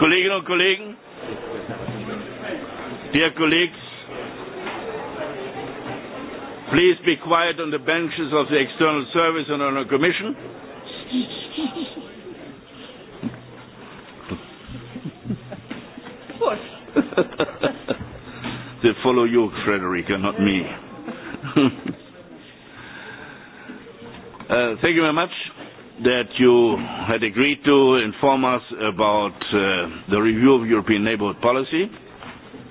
Kolleginnen und Kollegen, dear colleagues, please be quiet on the benches of the External Service and on the Commission. They follow you, Frederica, not me. uh, thank you very much that you had agreed to inform us about uh, the review of European neighbourhood policy,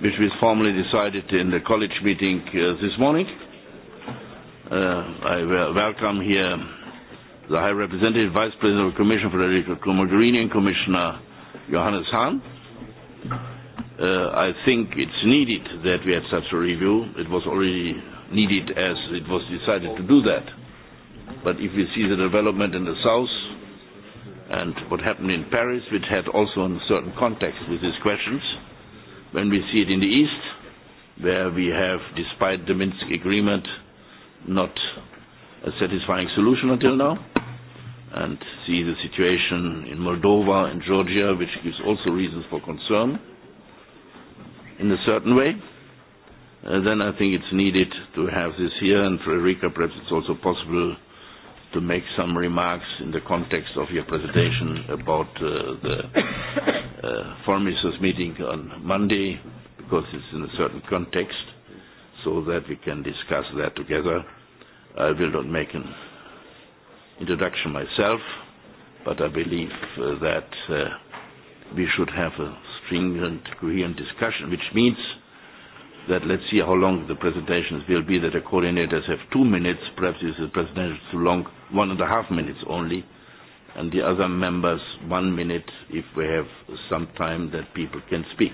which was formally decided in the college meeting uh, this morning. Uh, I welcome here the High Representative, Vice President of the Commission, the Mogherini, and Commissioner Johannes Hahn. Uh, I think it's needed that we had such a review. It was already needed as it was decided to do that But if we see the development in the south and what happened in Paris, which had also a certain context with these questions, when we see it in the east, where we have, despite the Minsk agreement, not a satisfying solution until now, and see the situation in Moldova and Georgia, which gives also reasons for concern in a certain way, uh, then I think it's needed to have this here, and Frederica, perhaps it's also possible to make some remarks in the context of your presentation about uh, the uh, foreign ministers meeting on Monday, because it's in a certain context, so that we can discuss that together. I will not make an introduction myself, but I believe uh, that uh, we should have a stringent, coherent discussion, which means that let's see how long the presentations will be, that the coordinators have two minutes, perhaps this is presentation is too long, one and a half minutes only, and the other members one minute if we have some time that people can speak.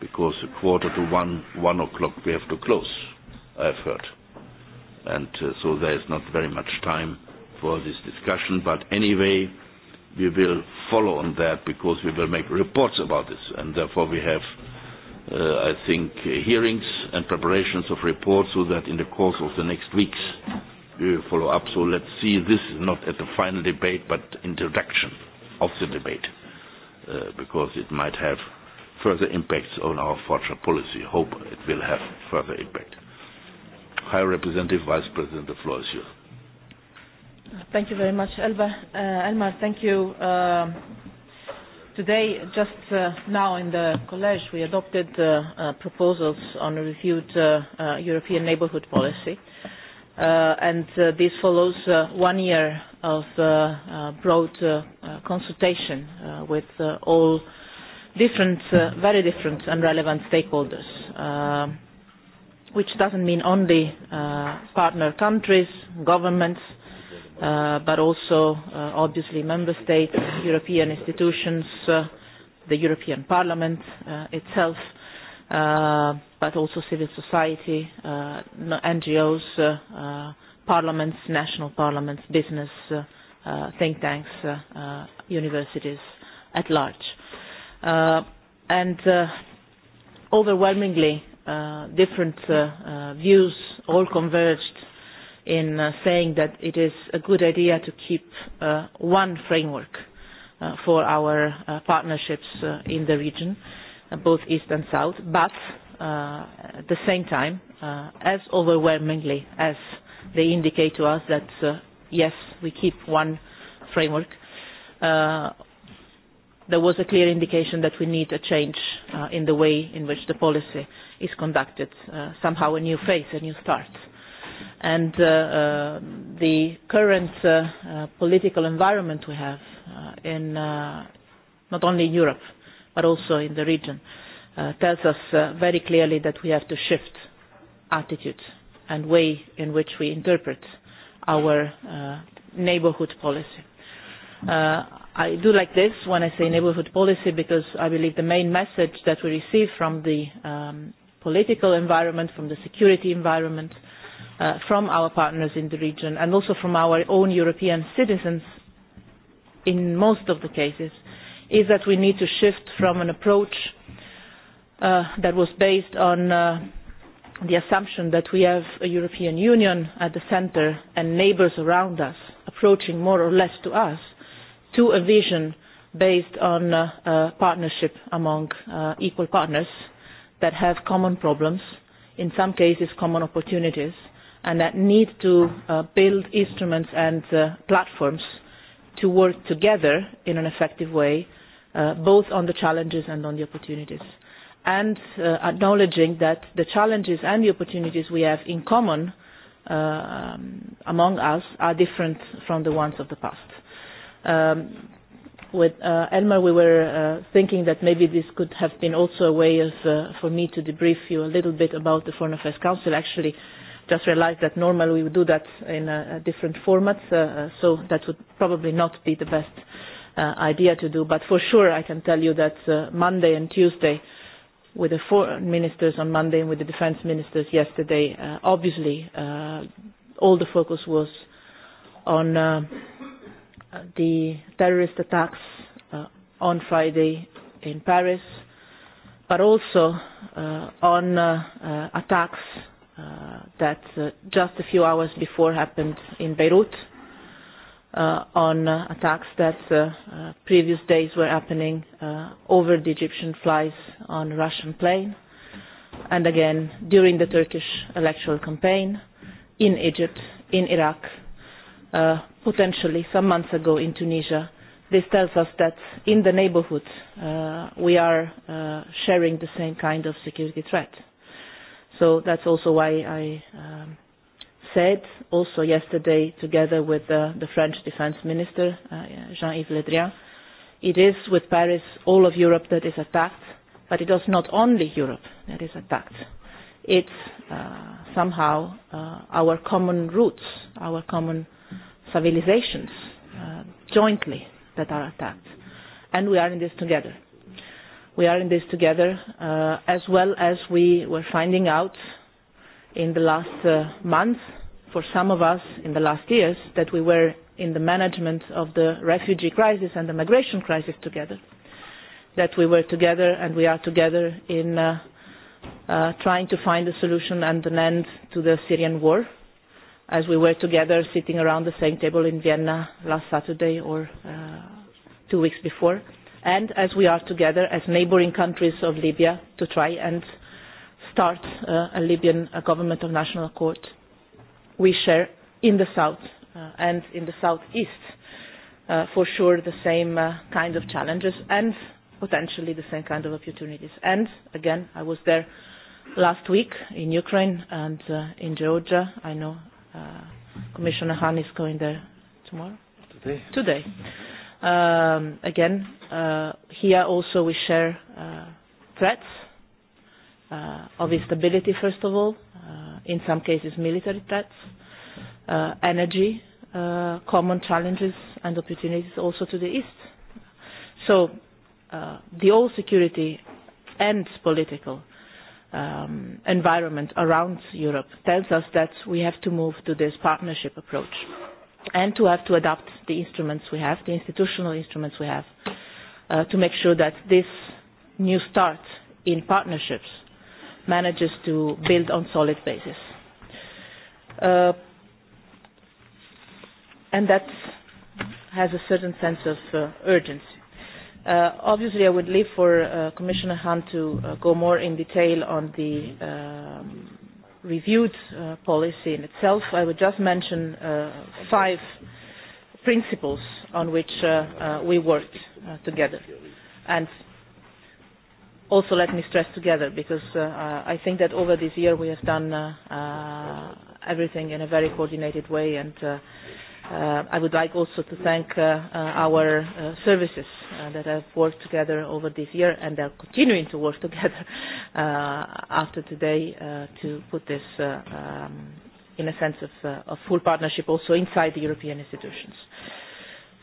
Because a quarter to one, one o'clock we have to close, I've heard. And uh, so there is not very much time for this discussion, but anyway, we will follow on that because we will make reports about this, and therefore we have uh, I think, uh, hearings and preparations of reports so that in the course of the next weeks we will follow up. So let's see, this is not at the final debate, but introduction of the debate, uh, because it might have further impacts on our future policy. Hope it will have further impact. High Representative Vice President, the floor is yours. Thank you very much, Elba. Uh, Elmar, thank you. Uh, Today, just uh, now in the college, we adopted uh, uh, proposals on a reviewed uh, uh, European neighbourhood policy. Uh, and uh, this follows uh, one year of uh, uh, broad uh, uh, consultation uh, with uh, all different, uh, very different and relevant stakeholders, uh, which doesn't mean only uh, partner countries, governments, uh, but also uh, obviously member states, European institutions, uh, the European Parliament uh, itself, uh, but also civil society, uh, NGOs, uh, uh, parliaments, national parliaments, business, uh, uh, think tanks, uh, uh, universities at large. Uh, and uh, overwhelmingly, uh, different uh, uh, views all converged in uh, saying that it is a good idea to keep uh, one framework uh, for our uh, partnerships uh, in the region, uh, both east and south, but uh, at the same time, uh, as overwhelmingly as they indicate to us that, uh, yes, we keep one framework, uh, there was a clear indication that we need a change uh, in the way in which the policy is conducted, uh, somehow a new phase, a new start and uh, uh, the current uh, uh, political environment we have uh, in uh, not only in Europe but also in the region uh, tells us uh, very clearly that we have to shift attitude and way in which we interpret our uh, neighborhood policy. Uh, I do like this when I say neighborhood policy because I believe the main message that we receive from the um, political environment, from the security environment, uh, uh, from our partners in the region and also from our own European citizens in most of the cases is that we need to shift from an approach uh, that was based on uh, the assumption that we have a European Union at the center and neighbors around us approaching more or less to us to a vision based on uh, partnership among uh, equal partners that have common problems, in some cases common opportunities, and that need to uh, build instruments and uh, platforms to work together in an effective way, uh, both on the challenges and on the opportunities. And uh, acknowledging that the challenges and the opportunities we have in common uh, um, among us are different from the ones of the past. Um, with uh, Elmar, we were uh, thinking that maybe this could have been also a way of, uh, for me to debrief you a little bit about the Foreign Affairs Council. Actually, uh, just realized that normally we would do that in uh, different format, uh, uh, so that would probably not be the best uh, idea to do. But for sure, I can tell you that uh, Monday and Tuesday, with the foreign ministers on Monday and with the defense ministers yesterday, uh, obviously uh, all the focus was on uh, the terrorist attacks uh, on Friday in Paris, but also uh, on uh, uh, attacks uh, that uh, just a few hours before happened in Beirut uh, on uh, attacks that uh, uh, previous days were happening uh, over the Egyptian flies on Russian plane and again during the Turkish electoral campaign in Egypt, in Iraq, uh, potentially some months ago in Tunisia. This tells us that in the neighborhood uh, we are uh, sharing the same kind of security threat. So that's also why I um, said also yesterday together with uh, the French defense minister, uh, Jean-Yves Le Drian, it is with Paris all of Europe that is attacked, but it is not only Europe that is attacked. It's uh, somehow uh, our common roots, our common civilizations uh, jointly that are attacked. And we are in this together we are in this together, uh, as well as we were finding out in the last uh, months, for some of us in the last years, that we were in the management of the refugee crisis and the migration crisis together, that we were together and we are together in uh, uh, trying to find a solution and an end to the Syrian war, as we were together sitting around the same table in Vienna last Saturday or uh, two weeks before and as we are together as neighbouring countries of Libya to try and start uh, a Libyan a uh, government of national accord. We share in the south uh, and in the southeast uh, for sure the same uh, kind of challenges and potentially the same kind of opportunities. And again, I was there last week in Ukraine and uh, in Georgia. I know uh, Commissioner Han is going there tomorrow. Today. Today. Um, again, uh, here also we share uh, threats uh, of instability, first of all, uh, in some cases military threats, uh, energy, uh, common challenges and opportunities also to the east. So uh, the whole security and political um, environment around Europe tells us that we have to move to this partnership approach and to have to adopt the instruments we have, the institutional instruments we have, uh, to make sure that this new start in partnerships manages to build on solid basis. Uh, and that has a certain sense of uh, urgency. Uh, obviously, I would leave for uh, Commissioner Hunt to uh, go more in detail on the um, reviewed uh, policy in itself. I would just mention uh, five principles on which uh, uh, we worked uh, together. And also let me stress together because uh, uh I think that over this year we have done uh, uh, everything in a very coordinated way and uh, Uh, I would like also to thank uh, uh, our uh, services uh, that have worked together over this year and are continuing to work together uh, after today uh, to put this uh, um, in a sense of, uh, of full partnership also inside the European institutions.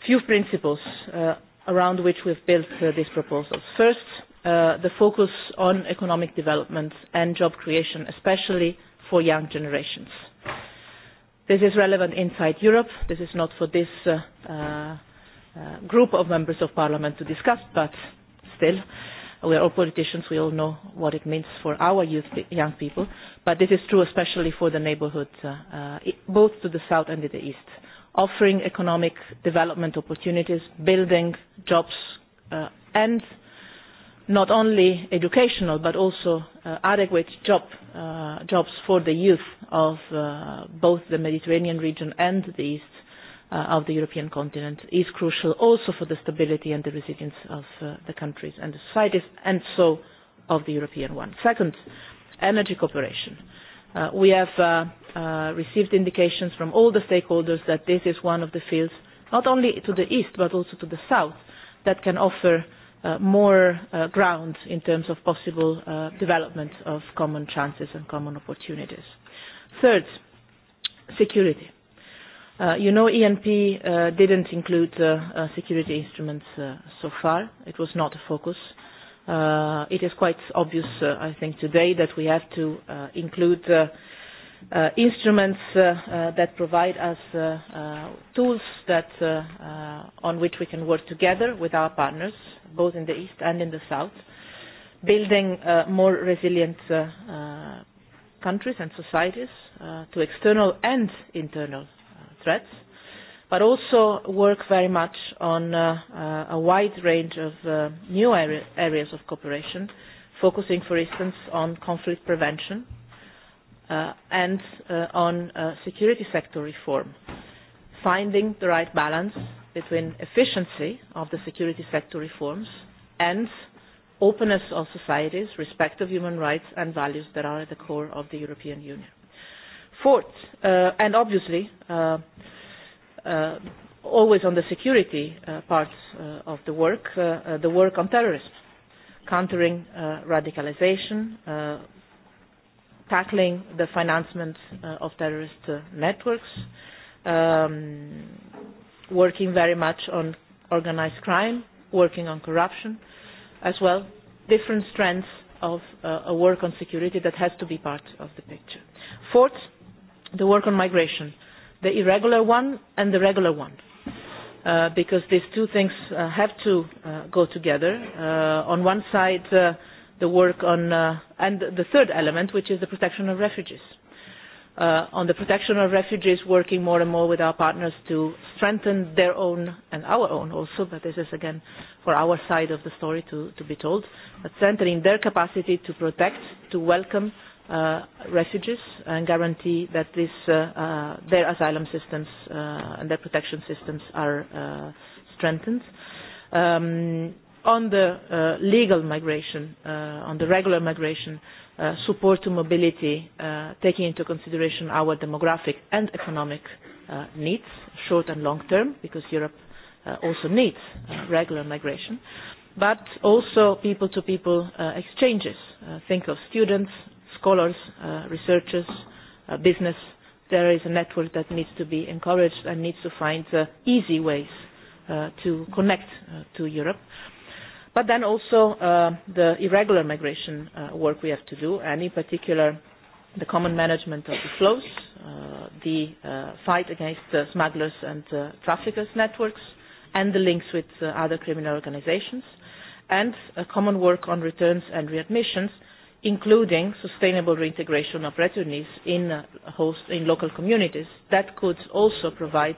Few principles uh, around which we've built uh, these proposals. First, uh, the focus on economic development and job creation, especially for young generations. Uh, This is relevant inside Europe. This is not for this uh, uh, uh, group of members of parliament to discuss, but still, we are all politicians. We all know what it means for our youth, young people. But this is true especially for the neighborhood, uh, uh, both to the south and to the east, offering economic development opportunities, building jobs, uh, and not only educational but also uh, adequate job, uh, jobs for the youth of uh, both the Mediterranean region and the east uh, of the European continent is crucial also for the stability and the resilience of uh, the countries and the societies and so of the European one. Second, energy cooperation. Uh, we have uh, uh, received indications from all the stakeholders that this is one of the fields, not only to the east but also to the south, that can offer uh, more uh, ground in terms of possible uh, development of common chances and common opportunities. Third, security. Uh, you know ENP uh, didn't include uh, uh, security instruments uh, so far. It was not a focus. Uh, it is quite obvious, uh, I think, today that we have to uh, include uh, uh, instruments uh, uh, that provide us uh, uh, tools that, uh, uh, on which we can work together with our partners, both in the East and in the South, building uh, more resilient uh, uh, countries and societies uh, to external and internal uh, threats, but also work very much on uh, uh, a wide range of uh, new area areas of cooperation, focusing, for instance, on conflict prevention, uh, and uh, on uh, security sector reform, finding the right balance between efficiency of the security sector reforms and openness of societies, respect of human rights and values that are at the core of the European Union. Fourth, uh, and obviously uh, uh, always on the security uh, parts uh, of the work, uh, uh, the work on terrorism, countering uh, radicalization, uh, tackling the financement uh, of terrorist uh, networks, um, working very much on organized crime, working on corruption as well, different strands of uh, a work on security that has to be part of the picture. Fourth, the work on migration, the irregular one and the regular one. Uh, because these two things uh, have to uh, go together. Uh, on one side, uh, the work on uh, and the third element, which is the protection of refugees. Uh, on the protection of refugees, working more and more with our partners to strengthen their own and our own also, but this is again for our side of the story to, to be told, but strengthening their capacity to protect, to welcome uh, refugees and guarantee that this, uh, uh, their asylum systems uh, and their protection systems are uh, strengthened. Um, on the uh, legal migration, uh, on the regular migration, uh, support to mobility, taking into consideration our demographic and economic needs, short and long term, because Europe also needs regular migration, but also people-to-people exchanges. think of students, scholars, uh, researchers, business. There is a network that needs to be encouraged and needs to find easy ways to connect to Europe but then also uh, the irregular migration uh, work we have to do, and in particular the common management of the flows, uh, the fight against the smugglers and the traffickers networks, and the links with other criminal organisations, and a common work on returns and readmissions, including sustainable reintegration of returnees in, uh, host, in local communities. That could also provide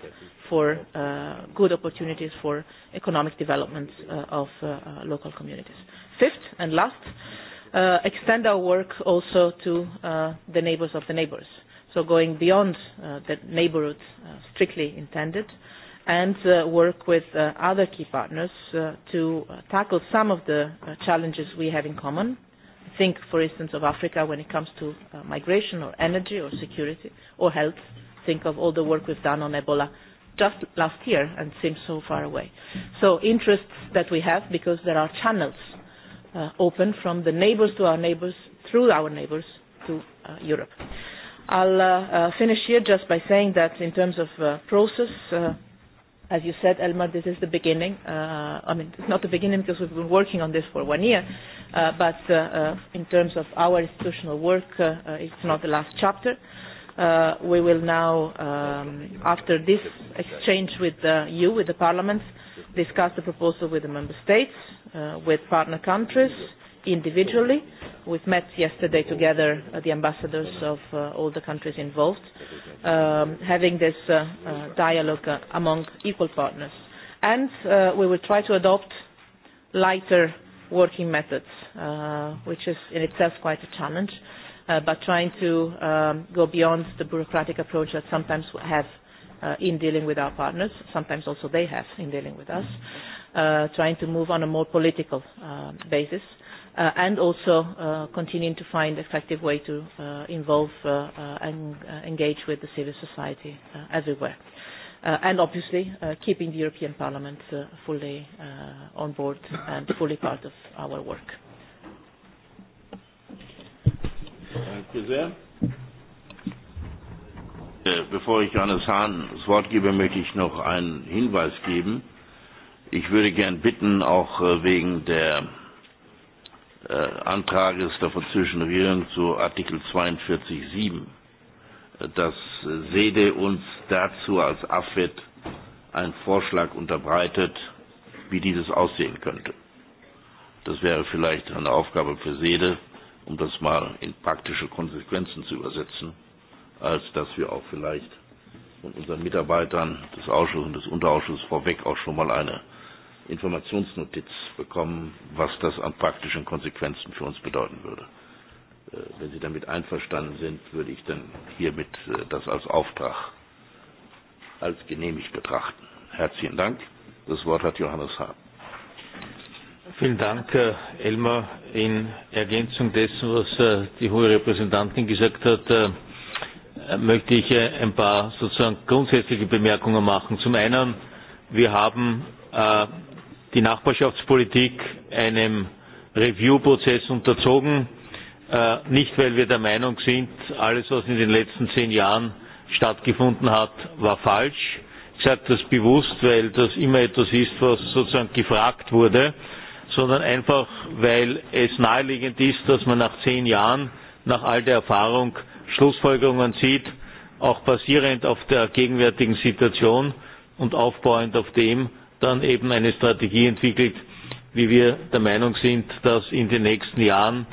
for uh, good opportunities for economic development uh, of uh, uh, local communities. Fifth and last, uh, extend our work also to uh, the neighbors of the neighbors. So going beyond uh, the neighborhood uh, strictly intended and uh, work with uh, other key partners uh, to uh, tackle some of the uh, challenges we have in common Think, for instance, of Africa when it comes to uh, migration or energy or security or health. Think of all the work we've done on Ebola just last year and seems so far away. So interests that we have because there are channels uh, open from the neighbors to our neighbors, through our neighbors to uh, Europe. I'll uh, uh, finish here just by saying that in terms of uh, process, uh, as you said, Elmar, this is the beginning. Uh, I mean, it's not the beginning because we've been working on this for one year, uh, but uh, uh, in terms of our institutional work, uh, uh, it's not the last chapter. Uh, we will now, um, after this exchange with uh, you, with the Parliament, discuss the proposal with the Member States, uh, with partner countries, individually. We've met yesterday together uh, the ambassadors of uh, all the countries involved, um, having this uh, uh, dialogue uh, among equal partners. And uh, we will try to adopt lighter working methods, uh, which is in itself quite a challenge, uh, but trying to um, go beyond the bureaucratic approach that sometimes we have uh, in dealing with our partners, sometimes also they have in dealing with us, uh, trying to move on a more political uh, basis. Uh, and also uh, continuing to find effective way to uh, involve uh, uh, and uh, engage with the civil society uh, everywhere. Uh, and obviously uh, keeping the European Parliament uh, fully uh, on board and fully part of our work. Danke sehr. Bevor ich Johannes Hahn das Wort gebe, möchte ich noch einen Hinweis geben. Ich würde gern bitten, auch äh, wegen der Antrags äh, Antrages der französischen Regierung zu Artikel 42.7, dass Sede uns dazu als AFED einen Vorschlag unterbreitet, wie dieses aussehen könnte. Das wäre vielleicht eine Aufgabe für Sede, um das mal in praktische Konsequenzen zu übersetzen, als dass wir auch vielleicht von unseren Mitarbeitern des Ausschusses und des Unterausschusses vorweg auch schon mal eine Informationsnotiz bekommen, was das an praktischen Konsequenzen für uns bedeuten würde. Äh, wenn Sie damit einverstanden sind, würde ich dann hiermit äh, das als Auftrag als genehmigt betrachten. Herzlichen Dank. Das Wort hat Johannes Hahn. Vielen Dank, äh, Elmar. In Ergänzung dessen, was die hohe Repräsentantin gesagt hat, möchte ich ein paar sozusagen grundsätzliche Bemerkungen machen. Zum einen, wir haben die Nachbarschaftspolitik einem Review-Prozess unterzogen, äh, nicht weil wir der Meinung sind, alles, was in den letzten zehn Jahren stattgefunden hat, war falsch. Ich sage das bewusst, weil das immer etwas ist, was sozusagen gefragt wurde, sondern einfach, weil es naheliegend ist, dass man nach zehn Jahren, nach all der Erfahrung, Schlussfolgerungen sieht, auch basierend auf der gegenwärtigen Situation und aufbauend auf dem, dann eben eine Strategie entwickelt, wie wir der Meinung sind, dass in den nächsten Jahren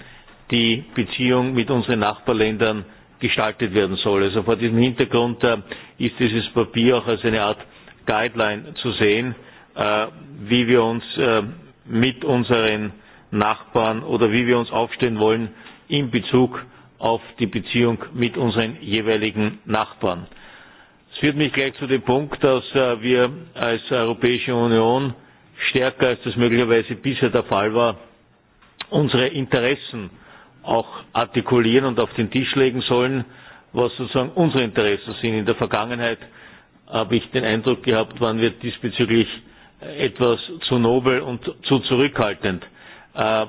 die Beziehung mit unseren Nachbarländern gestaltet werden soll. Also vor diesem Hintergrund äh, ist dieses Papier auch als eine Art Guideline zu sehen, äh, wie wir uns äh, mit unseren Nachbarn oder wie wir uns aufstellen wollen in Bezug auf die Beziehung mit unseren jeweiligen Nachbarn. Es führt mich gleich zu dem Punkt, dass äh, wir als Europäische Union stärker als das möglicherweise bisher der Fall war, unsere Interessen auch artikulieren und auf den Tisch legen sollen, was sozusagen unsere Interessen sind. In der Vergangenheit habe ich den Eindruck gehabt, waren wir diesbezüglich etwas zu nobel und zu zurückhaltend. Äh,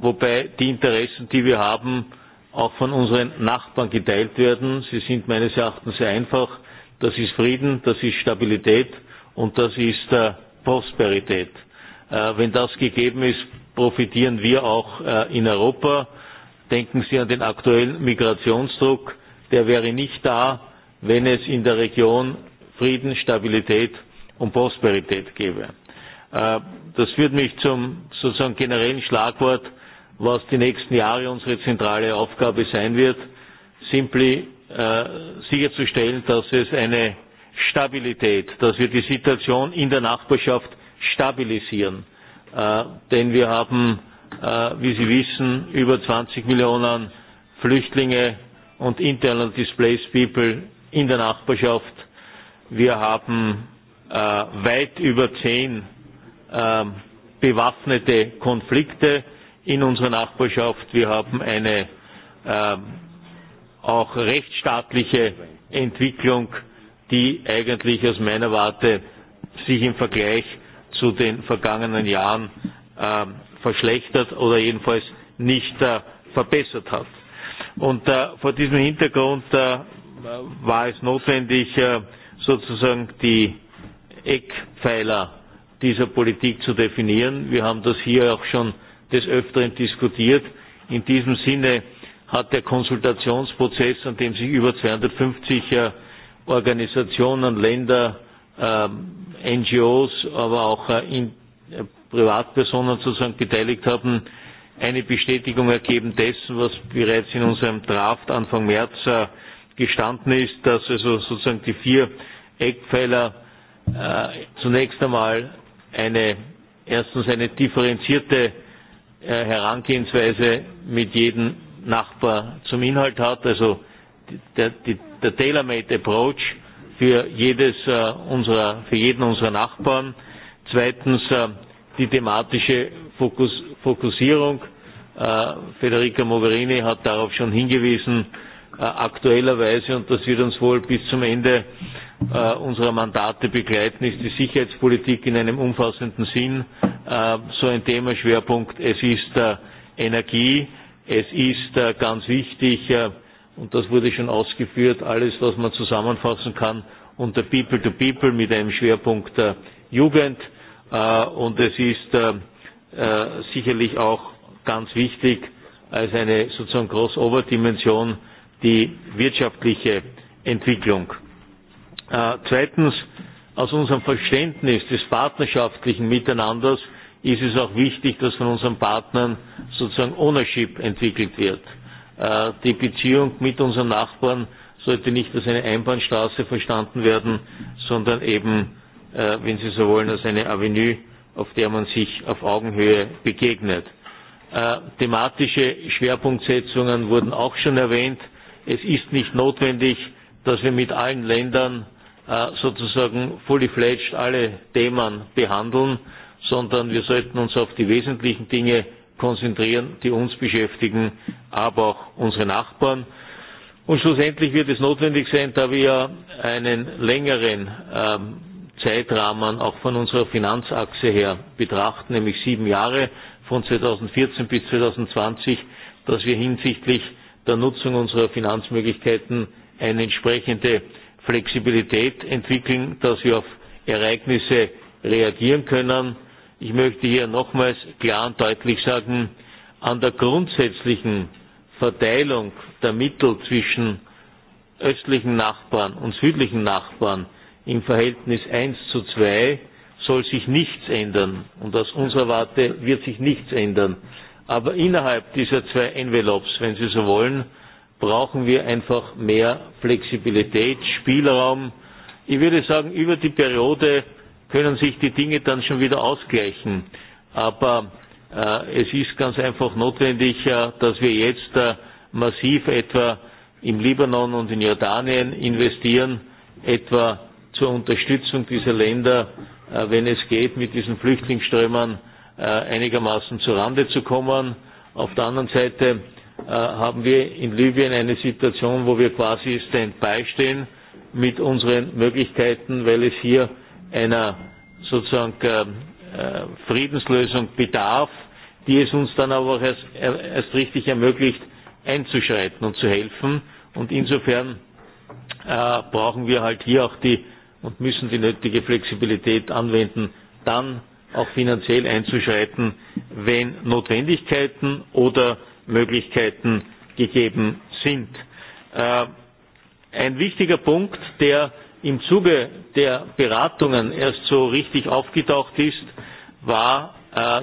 wobei die Interessen, die wir haben, auch von unseren Nachbarn geteilt werden. Sie sind meines Erachtens sehr einfach das ist Frieden, das ist Stabilität und das ist äh, Prosperität. Äh, wenn das gegeben ist, profitieren wir auch äh, in Europa. Denken Sie an den aktuellen Migrationsdruck. Der wäre nicht da, wenn es in der Region Frieden, Stabilität und Prosperität gäbe. Äh, das führt mich zum sozusagen generellen Schlagwort, was die nächsten Jahre unsere zentrale Aufgabe sein wird. Simply Äh, sicherzustellen, dass es eine Stabilität, dass wir die Situation in der Nachbarschaft stabilisieren. Äh, denn wir haben, äh, wie Sie wissen, über 20 Millionen Flüchtlinge und internal displaced people in der Nachbarschaft. Wir haben äh, weit über zehn ähm, bewaffnete Konflikte in unserer Nachbarschaft. Wir haben eine ähm, auch rechtsstaatliche Entwicklung, die eigentlich aus meiner Warte sich im Vergleich zu den vergangenen Jahren äh, verschlechtert oder jedenfalls nicht äh, verbessert hat. Und äh, vor diesem Hintergrund äh, war es notwendig, äh, sozusagen die Eckpfeiler dieser Politik zu definieren. Wir haben das hier auch schon des Öfteren diskutiert. In diesem Sinne hat der Konsultationsprozess, an dem sich über 250 äh, Organisationen, Länder, ähm, NGOs, aber auch äh, äh, Privatpersonen sozusagen beteiligt haben, eine Bestätigung ergeben dessen, was bereits in unserem Draft Anfang März gestanden ist, dass also sozusagen die vier Eckpfeiler zunächst einmal eine, erstens eine differenzierte Herangehensweise mit jedem Nachbar zum Inhalt hat, also der, die, der Tailor-Made Approach für, jedes, äh, unserer, für jeden unserer Nachbarn. Zweitens äh, die thematische Fokus, Fokussierung. Äh, Federica Mogherini hat darauf schon hingewiesen, äh, aktuellerweise, und das wird uns wohl bis zum Ende äh, unserer Mandate begleiten, ist die Sicherheitspolitik in einem umfassenden Sinn äh, so ein Themaschwerpunkt. Es ist äh, Energie, Es ist äh, ganz wichtig, äh, und das wurde schon ausgeführt, alles, was man zusammenfassen kann unter People to People mit einem Schwerpunkt äh, Jugend. Und es ist sicherlich auch ganz wichtig als eine sozusagen Crossover-Dimension die wirtschaftliche Entwicklung. Zweitens, aus unserem Verständnis des partnerschaftlichen Miteinanders ist es auch wichtig, dass von unseren Partnern sozusagen Ownership entwickelt wird. Äh, die Beziehung mit unseren Nachbarn sollte nicht als eine Einbahnstraße verstanden werden, sondern eben, äh, wenn Sie so wollen, als eine Avenue, auf der man sich auf Augenhöhe begegnet. Äh, thematische Schwerpunktsetzungen wurden auch schon erwähnt. Es ist nicht notwendig, dass wir mit allen Ländern sozusagen fully fledged alle Themen behandeln sondern wir sollten uns auf die wesentlichen Dinge konzentrieren, die uns beschäftigen, aber auch unsere Nachbarn. Und schlussendlich wird es notwendig sein, da wir einen längeren ähm, Zeitrahmen auch von unserer Finanzachse her betrachten, nämlich sieben Jahre von 2014 bis 2020, dass wir hinsichtlich der Nutzung unserer Finanzmöglichkeiten eine entsprechende Flexibilität entwickeln, dass wir auf Ereignisse reagieren können ich möchte hier nochmals klar und deutlich sagen, an der grundsätzlichen Verteilung der Mittel zwischen östlichen Nachbarn und südlichen Nachbarn im Verhältnis 1 zu 2 soll sich nichts ändern. Und aus unserer Warte wird sich nichts ändern. Aber innerhalb dieser zwei Envelopes, wenn Sie so wollen, brauchen wir einfach mehr Flexibilität, Spielraum. Ich würde sagen, über die Periode können sich die Dinge dann schon wieder ausgleichen. Aber äh, es ist ganz einfach notwendig, äh, dass wir jetzt äh, massiv etwa im Libanon und in Jordanien investieren, etwa zur Unterstützung dieser Länder, äh, wenn es geht, mit diesen Flüchtlingsströmen äh, einigermaßen zu Rande zu kommen. Auf der anderen Seite äh, haben wir in Libyen eine Situation, wo wir quasi stand stehen mit unseren Möglichkeiten, weil es hier einer sozusagen äh, äh, Friedenslösung bedarf, die es uns dann aber auch erst, äh, erst richtig ermöglicht, einzuschreiten und zu helfen. Und insofern äh, brauchen wir halt hier auch die und müssen die nötige Flexibilität anwenden, dann auch finanziell einzuschreiten, wenn Notwendigkeiten oder Möglichkeiten gegeben sind. Äh, ein wichtiger Punkt, der im Zuge der Beratungen erst so richtig aufgetaucht ist, war äh,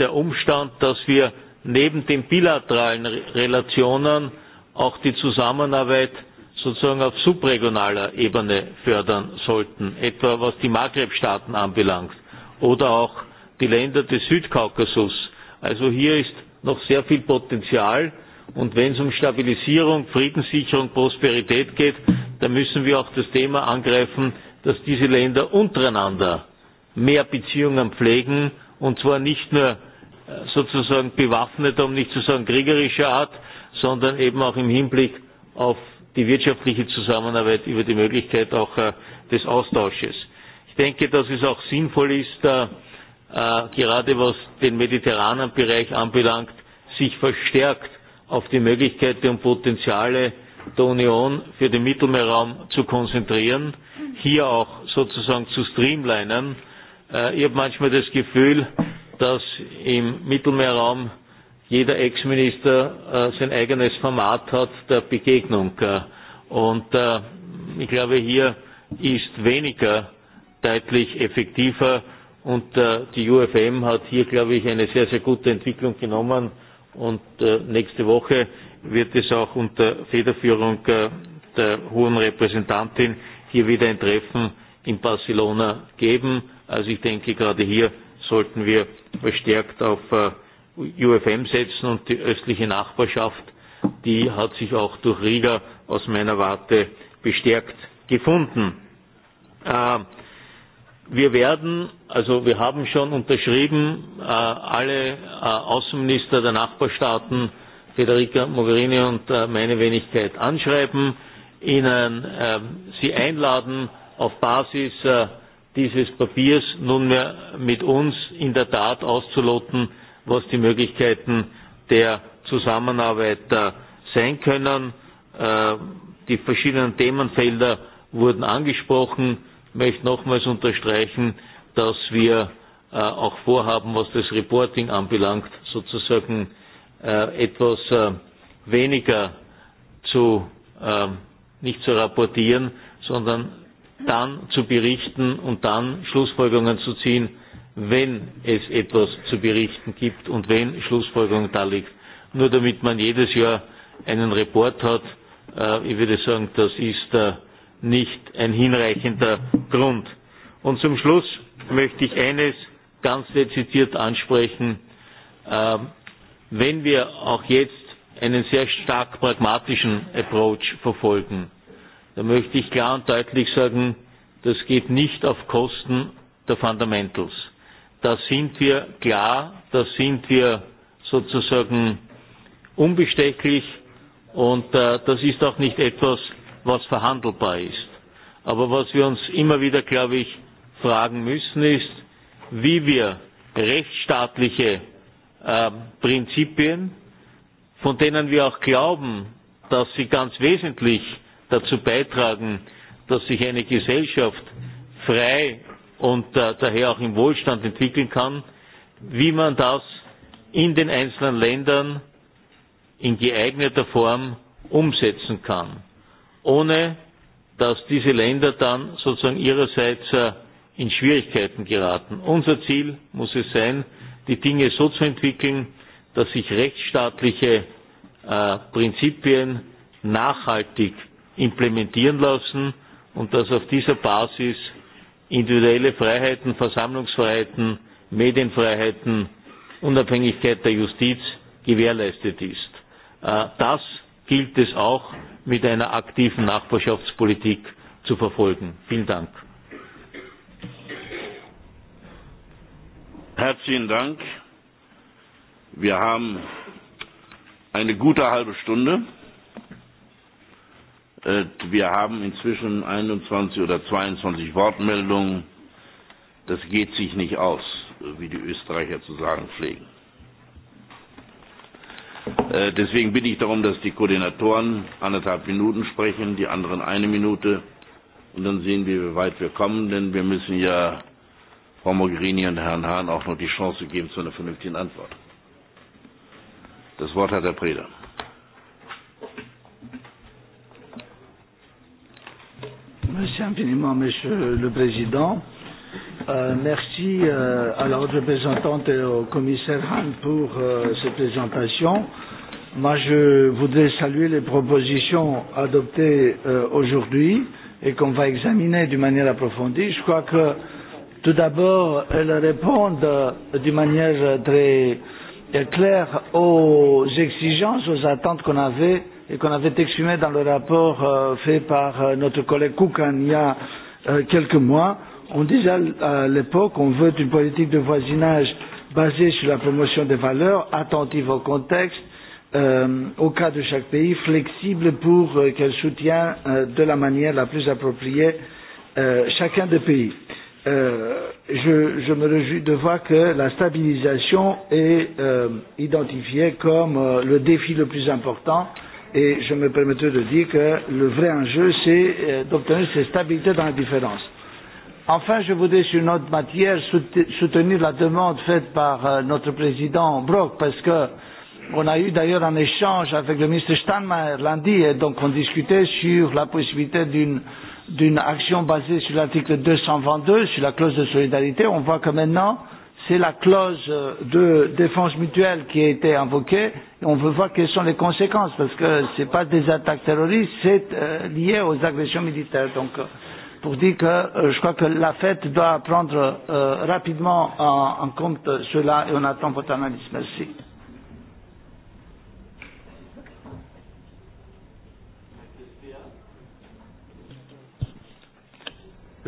der Umstand, dass wir neben den bilateralen Relationen auch die Zusammenarbeit sozusagen auf subregionaler Ebene fördern sollten, etwa was die Maghreb-Staaten anbelangt oder auch die Länder des Südkaukasus. Also hier ist noch sehr viel Potenzial Und wenn es um Stabilisierung, Friedenssicherung, Prosperität geht, dann müssen wir auch das Thema angreifen, dass diese Länder untereinander mehr Beziehungen pflegen, und zwar nicht nur äh, sozusagen bewaffneter, um nicht zu sagen kriegerischer Art, sondern eben auch im Hinblick auf die wirtschaftliche Zusammenarbeit über die Möglichkeit auch äh, des Austausches. Ich denke, dass es auch sinnvoll ist, äh, gerade was den mediterranen Bereich anbelangt, sich verstärkt auf die Möglichkeiten und Potenziale der Union für den Mittelmeerraum zu konzentrieren, hier auch sozusagen zu streamlinen. Äh, ich habe manchmal das Gefühl, dass im Mittelmeerraum jeder Ex-Minister äh, sein eigenes Format hat der Begegnung. Äh, und ich glaube, hier ist weniger deutlich effektiver und die UFM hat hier, glaube ich, eine sehr, sehr gute Entwicklung genommen Und äh, nächste Woche wird es auch unter Federführung äh, der hohen Repräsentantin hier wieder ein Treffen in Barcelona geben. Also ich denke, gerade hier sollten wir verstärkt auf äh, UFM setzen und die östliche Nachbarschaft, die hat sich auch durch Riga aus meiner Warte bestärkt gefunden. Äh, Wir werden, also wir haben schon unterschrieben, äh, alle äh, Außenminister der Nachbarstaaten, Federica Mogherini und äh, meine Wenigkeit anschreiben, ihnen ähm, sie einladen, auf Basis dieses Papiers nunmehr mit uns in der Tat auszuloten, was die Möglichkeiten der Zusammenarbeit sein können. Die verschiedenen Themenfelder wurden angesprochen möchte nochmals unterstreichen, dass wir äh, auch vorhaben, was das Reporting anbelangt, sozusagen äh, etwas äh, weniger zu, äh, nicht zu rapportieren, sondern dann zu berichten und dann Schlussfolgerungen zu ziehen, wenn es etwas zu berichten gibt und wenn Schlussfolgerung da liegt. Nur damit man jedes Jahr einen Report hat, äh, ich würde sagen, das ist äh, nicht ein hinreichender Grund. Und zum Schluss möchte ich eines ganz dezidiert ansprechen. Ähm, wenn wir auch jetzt einen sehr stark pragmatischen Approach verfolgen, dann möchte ich klar und deutlich sagen, das geht nicht auf Kosten der Fundamentals. Da sind wir klar, da sind wir sozusagen unbestechlich und äh, das ist auch nicht etwas, was verhandelbar ist. Aber was wir uns immer wieder, glaube ich, fragen müssen, ist, wie wir rechtsstaatliche äh, Prinzipien, von denen wir auch glauben, dass sie ganz wesentlich dazu beitragen, dass sich eine Gesellschaft frei und äh, daher auch im Wohlstand entwickeln kann, wie man das in den einzelnen Ländern in geeigneter Form umsetzen kann ohne dass diese Länder dann sozusagen ihrerseits äh, in Schwierigkeiten geraten. Unser Ziel muss es sein, die Dinge so zu entwickeln, dass sich rechtsstaatliche äh, Prinzipien nachhaltig implementieren lassen und dass auf dieser Basis individuelle Freiheiten, Versammlungsfreiheiten, Medienfreiheiten, Unabhängigkeit der Justiz gewährleistet ist. Äh, das gilt es auch mit einer aktiven Nachbarschaftspolitik zu verfolgen. Vielen Dank. Herzlichen Dank. Wir haben eine gute halbe Stunde. Äh, wir haben inzwischen 21 oder 22 Wortmeldungen. Das geht sich nicht aus, wie die Österreicher zu sagen pflegen. Äh, deswegen bitte ich darum, dass die Koordinatoren anderthalb Minuten sprechen, die anderen eine Minute. Und dann sehen wir, wie weit wir kommen, denn wir müssen ja Frau Mogherini und Herrn Hahn auch noch die Chance geben zu einer vernünftigen Antwort. Das Wort hat Herr Preda. Merci infiniment, Monsieur le Président. Euh, merci euh, à la haute représentante et au commissaire Hahn pour euh, cette présentations. Moi, je voudrais saluer les propositions adoptées euh, aujourd'hui et qu'on va examiner d'une manière approfondie. Je crois que tout d'abord, elles répondent euh, d'une manière très claire aux exigences, aux attentes qu'on avait et qu'on avait exprimées dans le rapport euh, fait par euh, notre collègue Koukan il y a euh, quelques mois on disait à l'époque on veut une politique de voisinage basée sur la promotion des valeurs, attentive au contexte, euh, au cas de chaque pays, flexible pour euh, qu'elle soutienne euh, de la manière la plus appropriée euh, chacun des pays. Euh, je, je me réjouis de voir que la stabilisation est euh, identifiée comme euh, le défi le plus important et je me permettrai de dire que le vrai enjeu c'est euh, d'obtenir cette stabilité dans la différence Enfin, je voudrais sur notre matière soutenir la demande faite par euh, notre président Brok, parce que on a eu d'ailleurs un échange avec le ministre Steinmeier lundi, et donc on discutait sur la possibilité d'une d'une action basée sur l'article 222, sur la clause de solidarité. On voit que maintenant, c'est la clause euh, de défense mutuelle qui a été invoquée. Et on veut voir quelles sont les conséquences, parce que ce n'est pas des attaques terroristes, c'est euh, lié aux agressions militaires. Donc, euh, pour dire que euh, je crois que la fête doit prendre euh, rapidement en, en compte cela et on attend votre analyse. Merci.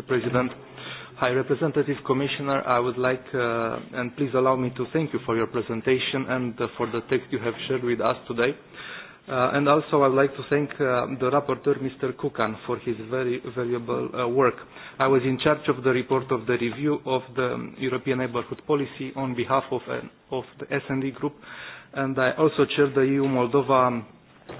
President, High Representative Commissioner, I would like, uh, and please allow me to thank you for your presentation and uh, for the text you have shared with us today. Uh, and also I would like to thank uh, the rapporteur, Mr. Kukan, for his very valuable uh, work. I was in charge of the report of the review of the um, European Neighbourhood Policy on behalf of, uh, of the S&D Group, and I also chaired the EU-Moldova um,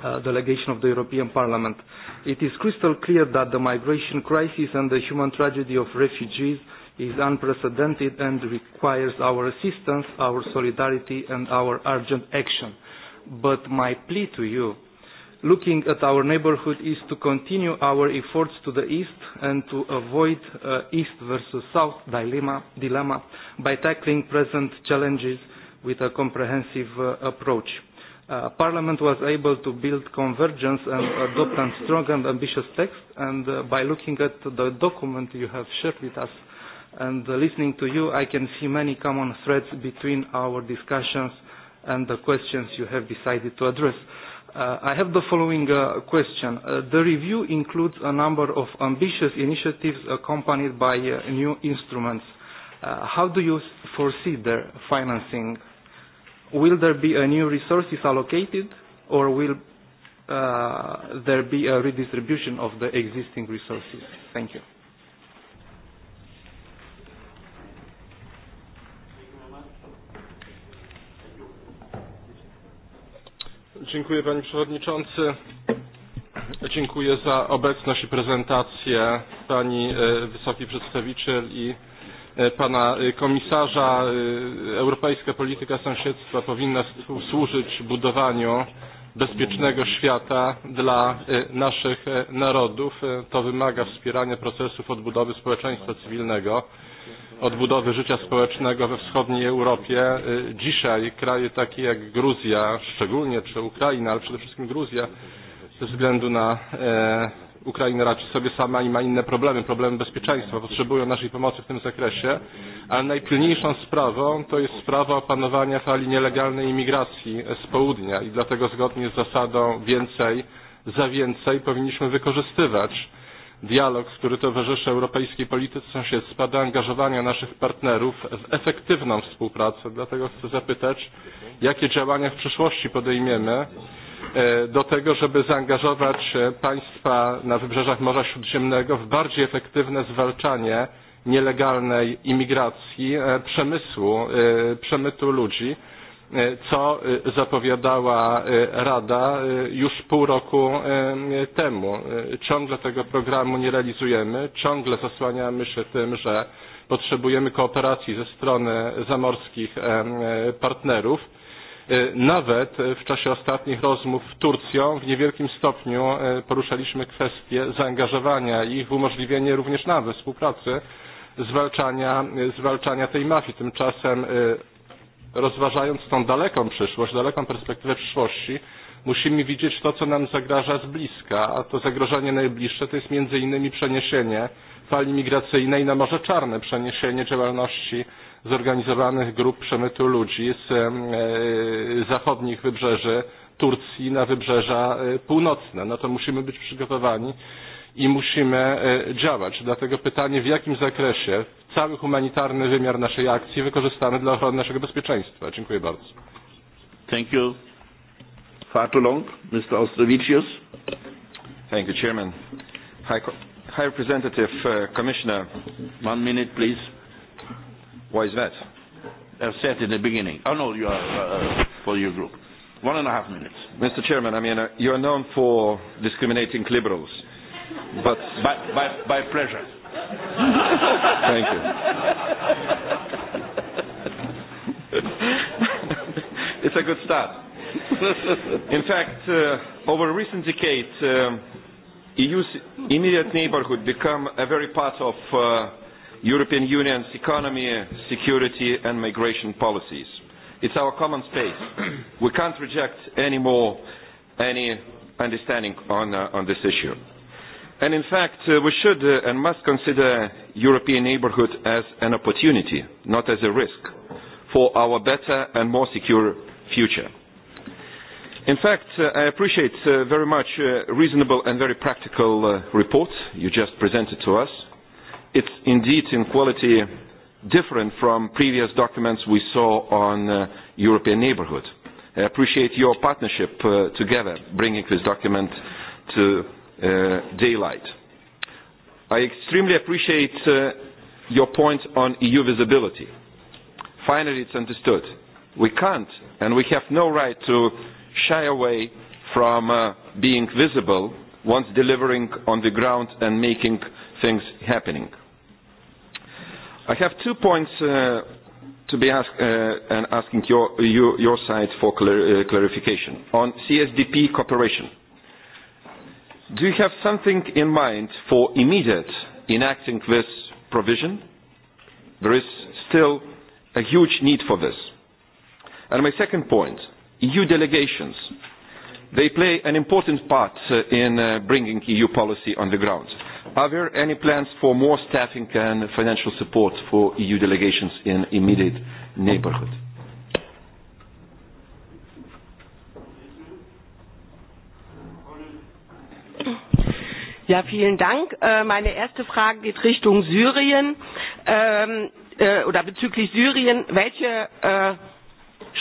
uh, delegation of the European Parliament. It is crystal clear that the migration crisis and the human tragedy of refugees is unprecedented and requires our assistance, our solidarity, and our urgent action but my plea to you, looking at our neighborhood, is to continue our efforts to the east and to avoid uh, east versus south dilemma, dilemma by tackling present challenges with a comprehensive uh, approach. Uh, Parliament was able to build convergence and adopt a strong and ambitious text, and uh, by looking at the document you have shared with us and uh, listening to you, I can see many common threads between our discussions and the questions you have decided to address. Uh, I have the following uh, question. Uh, the review includes a number of ambitious initiatives accompanied by uh, new instruments. Uh, how do you foresee their financing? Will there be a new resources allocated or will uh, there be a redistribution of the existing resources? Thank you. Dziękuję Panie Przewodniczący. Dziękuję za obecność i prezentację Pani e, Wysoki Przedstawiciel i e, Pana e, Komisarza. Europejska polityka sąsiedztwa powinna służyć budowaniu bezpiecznego świata dla naszych narodów. To wymaga wspierania procesów odbudowy społeczeństwa cywilnego odbudowy życia społecznego we wschodniej Europie. Dzisiaj kraje takie jak Gruzja, szczególnie czy Ukraina, ale przede wszystkim Gruzja, ze względu na e, Ukrainę raczy sobie sama i ma inne problemy, problemy bezpieczeństwa, potrzebują naszej pomocy w tym zakresie, ale najpilniejszą sprawą to jest sprawa opanowania fali nielegalnej imigracji z południa i dlatego zgodnie z zasadą więcej za więcej powinniśmy wykorzystywać dialog, który towarzyszy europejskiej polityce sąsiedztwa, do angażowania naszych partnerów w efektywną współpracę. Dlatego chcę zapytać, jakie działania w przyszłości podejmiemy e, do tego, żeby zaangażować e, państwa na wybrzeżach Morza Śródziemnego w bardziej efektywne zwalczanie nielegalnej imigracji, e, przemysłu, przemytu ludzi co zapowiadała e, Rada e, już pół roku e, temu. Ciągle tego programu nie realizujemy, ciągle zasłaniamy się tym, że potrzebujemy kooperacji ze strony zamorskich partnerów. Nawet w czasie ostatnich rozmów z Turcją w niewielkim stopniu poruszaliśmy kwestię zaangażowania ich w umożliwienie również nam współpracy zwalczania, zwalczania tej mafii. Tymczasem rozważając tą daleką przyszłość, daleką perspektywę przyszłości, musimy widzieć to, co nam zagraża z bliska, a to zagrożenie najbliższe to jest między innymi przeniesienie fali migracyjnej na Morze Czarne, przeniesienie działalności zorganizowanych grup przemytu ludzi z e, zachodnich wybrzeży Turcji na wybrzeża e, północne. No to musimy być przygotowani i musimy e, działać. Dlatego pytanie, w jakim zakresie cały humanitarny wymiar naszej akcji wykorzystamy dla ochrony naszego bezpieczeństwa. Dziękuję bardzo. Thank you. Far too long, Mr. Ostrovicius. Thank you, Chairman. High, High Representative uh, Commissioner. One minute, please. Why is that? I said in the beginning. Oh, no, you are uh, uh for your group. One and a half minutes. Mr. Chairman, I mean, uh, you are known for discriminating liberals But by, by, by pleasure. Thank you. it's a good start. In fact, uh, over recent decades, um, uh, EU's immediate neighborhood become a very part of uh, European Union's economy, security and migration policies. It's our common space. we can't reject any more any understanding on, uh, on this issue. And in fact, uh, we should uh, and must consider European neighborhood as an opportunity, not as a risk, for our better and more secure future. In fact, uh, I appreciate uh, very much uh, reasonable and very practical uh, report you just presented to us. It's indeed in quality different from previous documents we saw on uh, European neighborhood. I appreciate your partnership uh, together, bringing this document to uh, daylight. I extremely appreciate uh, your point on EU visibility. Finally, it's understood. We can't and we have no right to shy away from uh, being visible once delivering on the ground and making things happening. I have two points uh, to be ask, uh, and asking your, your, your side for clar uh, clarification. On CSDP cooperation. Do you have something in mind for immediate enacting this provision? There is still a huge need for this. And my second point, EU delegations. They play an important part uh, in uh, bringing EU policy on the ground. Are there any plans for more staffing and financial support for EU delegations in immediate neighborhood? Ja, vielen Dank. Äh, meine erste Frage geht Richtung Syrien ähm, äh, oder bezüglich Syrien. Welche äh,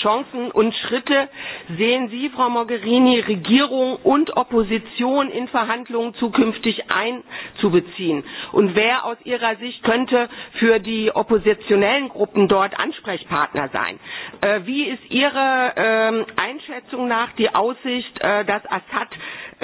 Chancen und Schritte sehen Sie, Frau Mogherini, Regierung und Opposition in Verhandlungen zukünftig einzubeziehen? Und wer aus Ihrer Sicht könnte für die oppositionellen Gruppen dort Ansprechpartner sein? Wie ist Ihre ähm, Einschätzung nach die Aussicht, dass Assad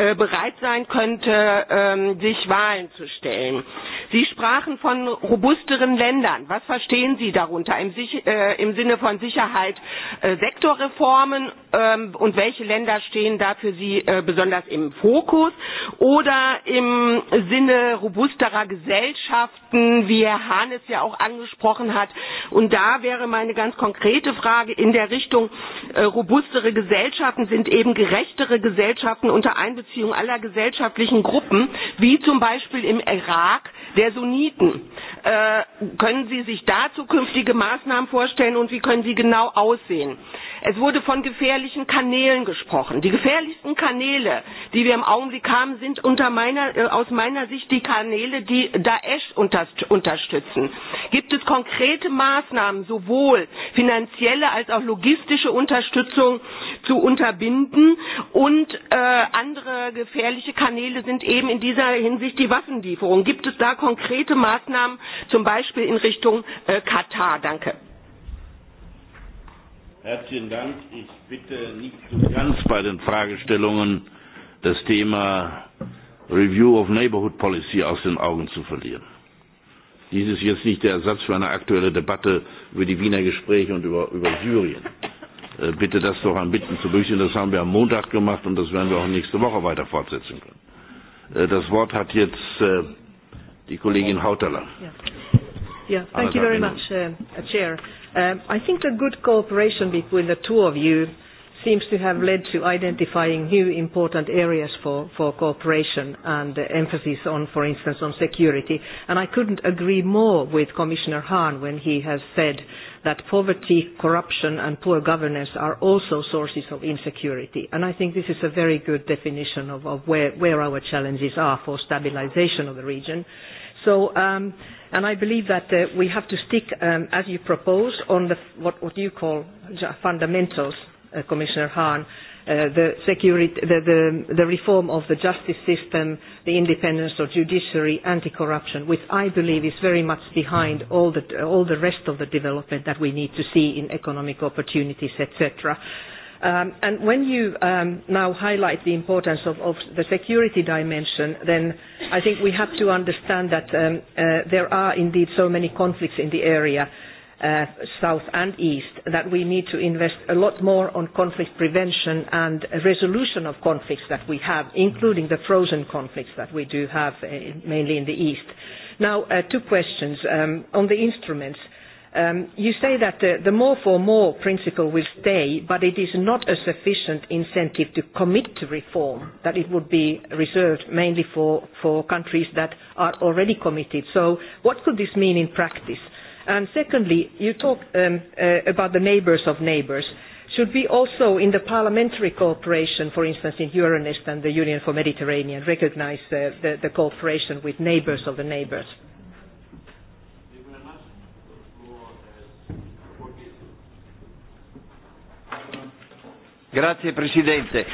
Äh, bereit sein könnte, ähm, sich Wahlen zu stellen. Sie sprachen von robusteren Ländern. Was verstehen Sie darunter im, äh, im Sinne von Sicherheit äh, Sektorreformen ähm, und welche Länder stehen da für Sie besonders im Fokus oder im Sinne robusterer Gesellschaften, wie Herr Hahn es ja auch angesprochen hat? Und da wäre meine ganz konkrete Frage in der Richtung, robustere Gesellschaften sind eben gerechtere Gesellschaften unter Einbeziehung Einbeziehung aller gesellschaftlichen Gruppen, wie zum Beispiel im Irak der Sunniten. Äh, können Sie sich da zukünftige Maßnahmen vorstellen und wie können sie genau aussehen? Es wurde von gefährlichen Kanälen gesprochen. Die gefährlichsten Kanäle, die wir im Augenblick haben, sind unter meiner, äh, aus meiner Sicht die Kanäle, die Daesh unter, unterstützen. Gibt es konkrete Maßnahmen, sowohl finanzielle als auch logistische Unterstützung zu unterbinden? Und äh, andere gefährliche Kanäle sind eben in dieser Hinsicht die Waffenlieferung. Gibt es da konkrete Maßnahmen, zum Beispiel in Richtung äh, Katar? Danke. Herzlichen Dank. Ich bitte nicht so ganz bei den Fragestellungen das Thema Review of Neighborhood Policy aus den Augen zu verlieren. Dies ist jetzt nicht der Ersatz für eine aktuelle Debatte über die Wiener Gespräche und über, über Syrien. Äh, bitte das doch an Bitten zu berücksichtigen. Das haben wir am Montag gemacht und das werden wir auch nächste Woche weiter fortsetzen können. Äh, das Wort hat jetzt äh, die Kollegin Hautala. Yeah. Yeah, thank you very much, uh, Chair. Um, I think the good cooperation between the two of you seems to have led to identifying new important areas for, for cooperation and uh, emphasis on, for instance, on security. And I couldn't agree more with Commissioner Hahn when he has said that poverty, corruption and poor governance are also sources of insecurity. And I think this is a very good definition of, of where, where our challenges are for stabilization of the region. So, um, and I believe that uh, we have to stick, um, as you propose, on the, what, what you call fundamentals uh, Commissioner Hahn, uh, the, security, the, the, the reform of the justice system, the independence of judiciary, anti-corruption, which I believe is very much behind all the, all the rest of the development that we need to see in economic opportunities, etc. Um, and when you um, now highlight the importance of, of the security dimension, then I think we have to understand that um, uh, there are indeed so many conflicts in the area uh, south and east, that we need to invest a lot more on conflict prevention and resolution of conflicts that we have, including the frozen conflicts that we do have uh, mainly in the east. Now, uh, two questions um, on the instruments. Um, you say that the, the more for more principle will stay, but it is not a sufficient incentive to commit to reform, that it would be reserved mainly for, for countries that are already committed. So what could this mean in practice? And secondly, you talk um, uh, about the neighbors of neighbors. Should we also, in the parliamentary cooperation, for instance, in Euronest and the Union for Mediterranean, recognize uh, the, the cooperation with neighbors of the neighbors? Grazie Presidente.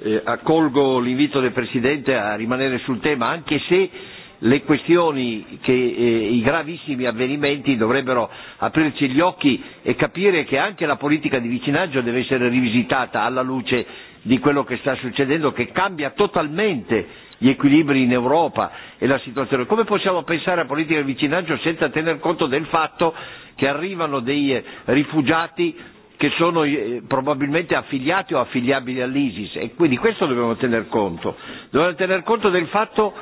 Eh, accolgo l'invito del Presidente a rimanere sul tema, anche se le questioni che eh, i gravissimi avvenimenti dovrebbero aprirci gli occhi e capire che anche la politica di vicinaggio deve essere rivisitata alla luce di quello che sta succedendo che cambia totalmente gli equilibri in Europa e la situazione. Come possiamo pensare a politica di vicinaggio senza tener conto del fatto che arrivano dei eh, rifugiati che sono eh, probabilmente affiliati o affiliabili all'ISIS e quindi questo dobbiamo tener conto. Dobbiamo tener conto del fatto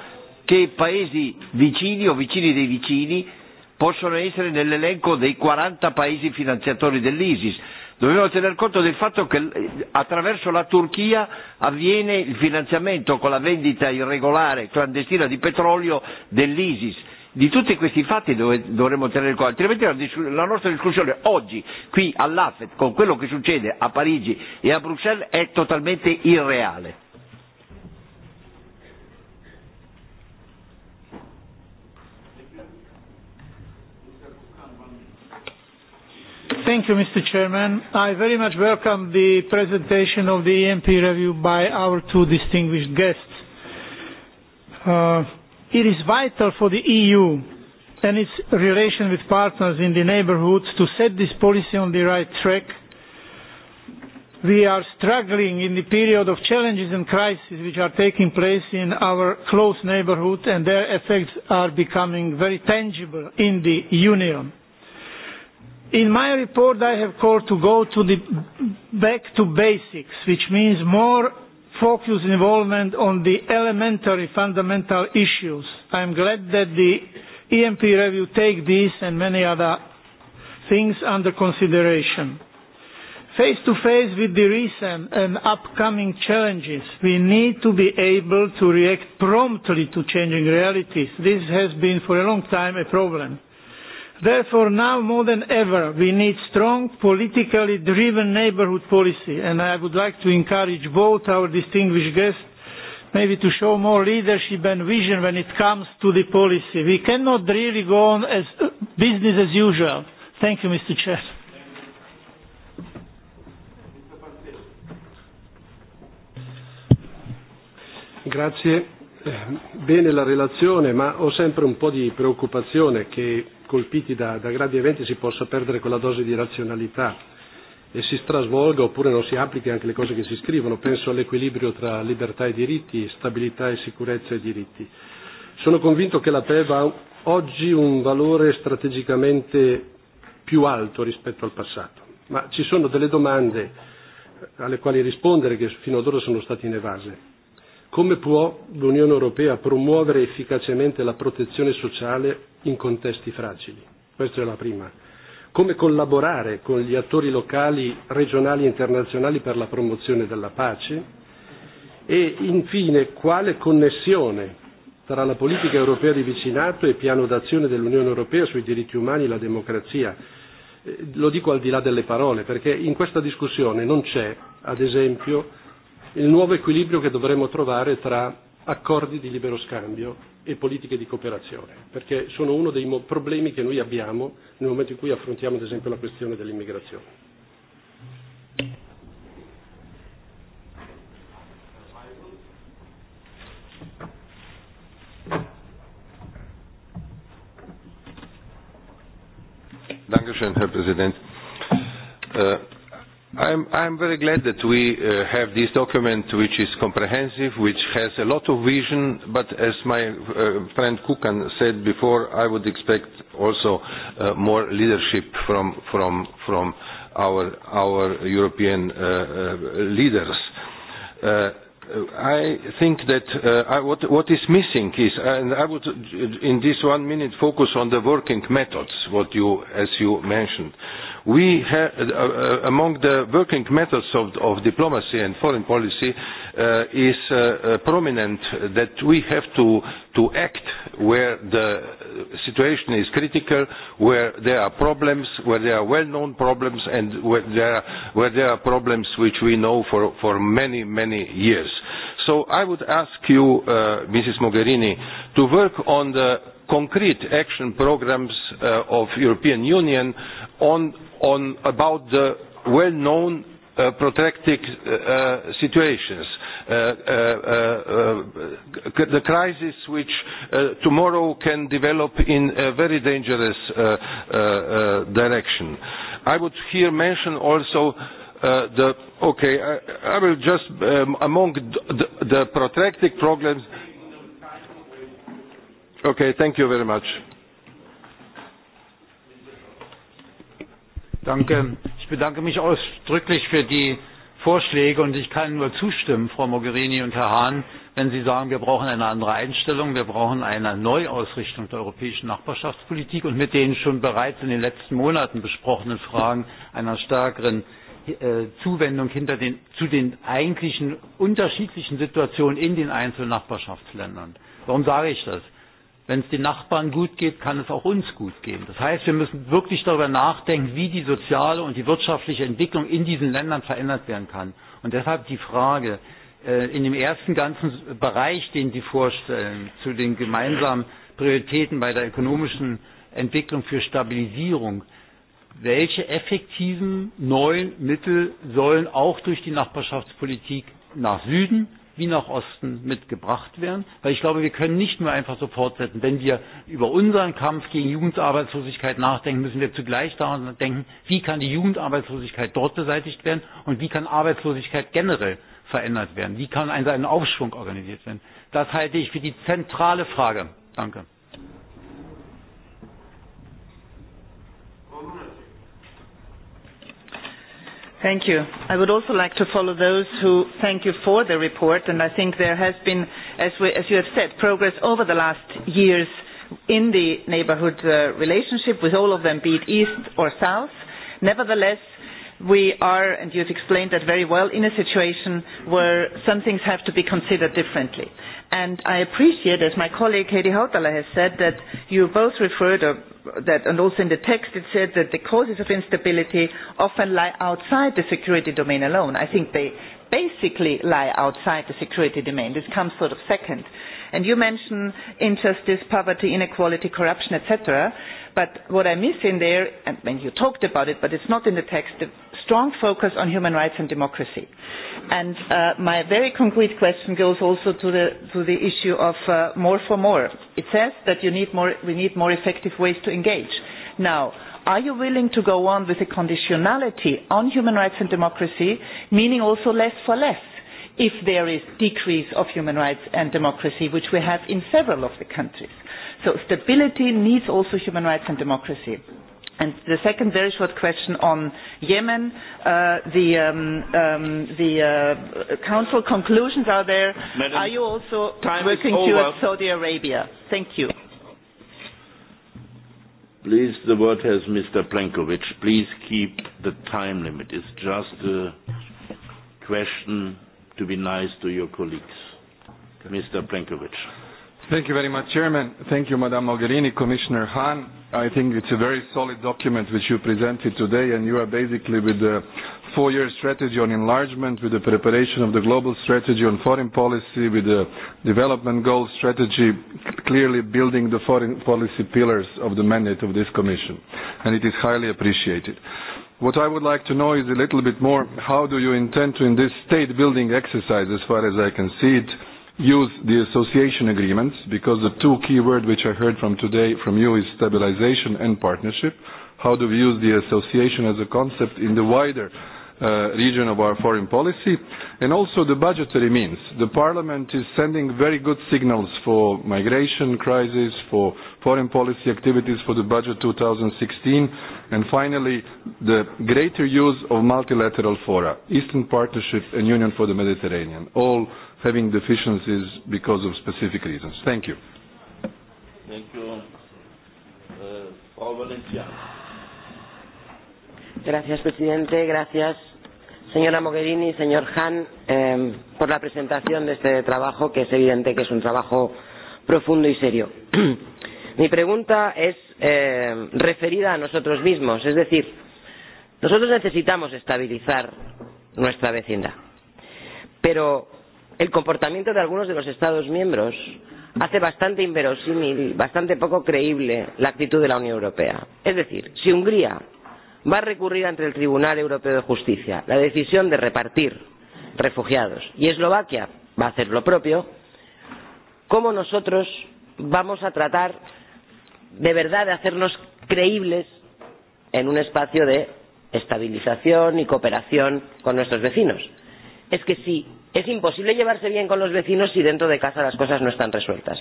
che paesi vicini o vicini dei vicini possono essere nell'elenco dei 40 paesi finanziatori dell'ISIS. Dobbiamo tener conto del fatto che eh, attraverso la Turchia avviene il finanziamento con la vendita irregolare, clandestina di petrolio dell'ISIS. Di tutti questi fatti dovremmo tenere conto, altrimenti la, la nostra discussione oggi qui all'AFET con quello che succede a Parigi e a Bruxelles è totalmente irreale. Thank you, Mr. Chairman. I very much welcome the presentation of the EMP review by our two distinguished guests. Uh, it is vital for the EU and its relation with partners in the neighborhood to set this policy on the right track. We are struggling in the period of challenges and crises which are taking place in our close neighborhood and their effects are becoming very tangible in the Union In my report, I have called to go to the back to basics, which means more focused involvement on the elementary fundamental issues. I am glad that the EMP review takes this and many other things under consideration. Face to face with the recent and upcoming challenges, we need to be able to react promptly to changing realities. This has been for a long time a problem Therefore, now more than ever, we need strong, politically driven neighbourhood policy, and I would like to encourage both our distinguished guests maybe to show more leadership and vision when it comes to the policy. We cannot really go on as uh, business as usual. Thank you, Mr. Chair. Grazie. Bene la relazione, ma ho sempre un po' di preoccupazione che colpiti da, da gravi eventi si possa perdere quella dose di razionalità e si strasvolga oppure non si applichi anche le cose che si scrivono. Penso all'equilibrio tra libertà e diritti, stabilità e sicurezza e diritti. Sono convinto che la PEV ha oggi un valore strategicamente più alto rispetto al passato, ma ci sono delle domande alle quali rispondere che fino ad ora sono state inevase Come può l'Unione Europea promuovere efficacemente la protezione sociale in contesti fragili? Questa è la prima. Come collaborare con gli attori locali, regionali e internazionali per la promozione della pace? E infine, quale connessione tra la politica europea di vicinato e piano d'azione dell'Unione Europea sui diritti umani e la democrazia? Eh, lo dico al di là delle parole, perché in questa discussione non c'è, ad esempio, il nuovo equilibrio che dovremmo trovare tra accordi di libero scambio e politiche di cooperazione, perché sono uno dei problemi che noi abbiamo nel momento in cui affrontiamo ad esempio la questione dell'immigrazione. Dankeschön, Herr Präsident. Äh, i am very glad that we uh, have this document which is comprehensive, which has a lot of vision, but as my uh, friend Kukan said before, I would expect also uh, more leadership from, from, from our, our European uh, uh, leaders. Uh, Uh, I think that uh, I, what, what is missing is, and I would in this one minute focus on the working methods, what you, as you mentioned. We have, uh, uh, among the working methods of, of diplomacy and foreign policy uh, is uh, uh, prominent that we have to, to act where the situation is critical, where there are problems, where there are well-known problems, and where there are, where there are problems which we know for, for many, many years so I would ask you, uh, Mrs. Mogherini, to work on the concrete action programs uh, of European Union on, on about the well-known uh, protracted uh, uh, situations. Uh, uh, uh, uh, the crisis which uh, tomorrow can develop in a very dangerous uh, uh, uh, direction. I would here mention also uh, Uh, the, okay, I, I will just, um, among the, the protracted problems. Okay, thank you very much. Danke. Ich bedanke mich ausdrücklich für die Vorschläge und ich kann nur zustimmen, Frau Mogherini und Herr Hahn, wenn Sie sagen, wir brauchen eine andere Einstellung, wir brauchen eine Neuausrichtung der europäischen Nachbarschaftspolitik und mit den schon bereits in den letzten Monaten besprochenen Fragen einer stärkeren Äh, Zuwendung hinter den, zu den eigentlichen unterschiedlichen Situationen in den einzelnen Nachbarschaftsländern. Warum sage ich das? Wenn es den Nachbarn gut geht, kann es auch uns gut gehen. Das heißt, wir müssen wirklich darüber nachdenken, wie die soziale und die wirtschaftliche Entwicklung in diesen Ländern verändert werden kann. Und deshalb die Frage, äh, in dem ersten ganzen Bereich, den Sie vorstellen, zu den gemeinsamen Prioritäten bei der ökonomischen Entwicklung für Stabilisierung, welche effektiven neuen Mittel sollen auch durch die Nachbarschaftspolitik nach Süden wie nach Osten mitgebracht werden? Weil ich glaube, wir können nicht nur einfach so fortsetzen. Wenn wir über unseren Kampf gegen Jugendarbeitslosigkeit nachdenken, müssen wir zugleich daran denken, wie kann die Jugendarbeitslosigkeit dort beseitigt werden und wie kann Arbeitslosigkeit generell verändert werden? Wie kann ein Aufschwung organisiert werden? Das halte ich für die zentrale Frage. Danke. Thank you. I would also like to follow those who thank you for the report, and I think there has been, as, we, as you have said, progress over the last years in the neighbourhood uh, relationship with all of them, be it east or south. Nevertheless, we are, and you've explained that very well, in a situation where some things have to be considered differently. And I appreciate, as my colleague Katie Hautala has said, that you both referred, or that, and also in the text it said that the causes of instability often lie outside the security domain alone. I think they basically lie outside the security domain. This comes sort of second. And you mentioned injustice, poverty, inequality, corruption, etc. But what I miss in there, and when you talked about it, but it's not in the text, the strong focus on human rights and democracy. And uh, my very concrete question goes also to the, to the issue of uh, more for more. It says that you need more, we need more effective ways to engage. Now, are you willing to go on with a conditionality on human rights and democracy, meaning also less for less? if there is decrease of human rights and democracy, which we have in several of the countries. So stability needs also human rights and democracy. And the second very short question on Yemen, uh, the, um, um, the uh, council conclusions are there. Madam, are you also working towards Saudi Arabia? Thank you. Please, the word has Mr. Plenkovic. Please keep the time limit. It's just a question to be nice to your colleagues. Mr. Plenkovic. Thank you very much, Chairman. Thank you, Madame Mogherini, Commissioner Hahn. I think it's a very solid document which you presented today, and you are basically with the four-year strategy on enlargement, with the preparation of the global strategy on foreign policy, with the development goal strategy, clearly building the foreign policy pillars of the mandate of this Commission. And it is highly appreciated. What I would like to know is a little bit more, how do you intend to, in this state-building exercise, as far as I can see it, use the association agreements because the two key words which I heard from today from you is stabilization and partnership. How do we use the association as a concept in the wider uh, region of our foreign policy? And also the budgetary means. The parliament is sending very good signals for migration crisis, for foreign policy activities for the budget 2016, and finally the greater use of multilateral fora, Eastern Partnership and Union for the Mediterranean. All having deficiencies because of specific reasons. Thank you. Thank you. Uh, Frau Valenciano. Gracias, presidente. Gracias, señora Mogherini, señor Hahn, eh, por la presentación de este trabajo, que es evidente que es un trabajo profundo y serio. Mi pregunta es eh, referida a nosotros mismos, es decir, nosotros necesitamos estabilizar nuestra vecindad, pero el comportamiento de algunos de los Estados miembros hace bastante inverosímil, bastante poco creíble la actitud de la Unión Europea. Es decir, si Hungría va a recurrir ante el Tribunal Europeo de Justicia la decisión de repartir refugiados y Eslovaquia va a hacer lo propio, ¿cómo nosotros vamos a tratar de verdad de hacernos creíbles en un espacio de estabilización y cooperación con nuestros vecinos? Es que si es imposible llevarse bien con los vecinos si dentro de casa las cosas no están resueltas.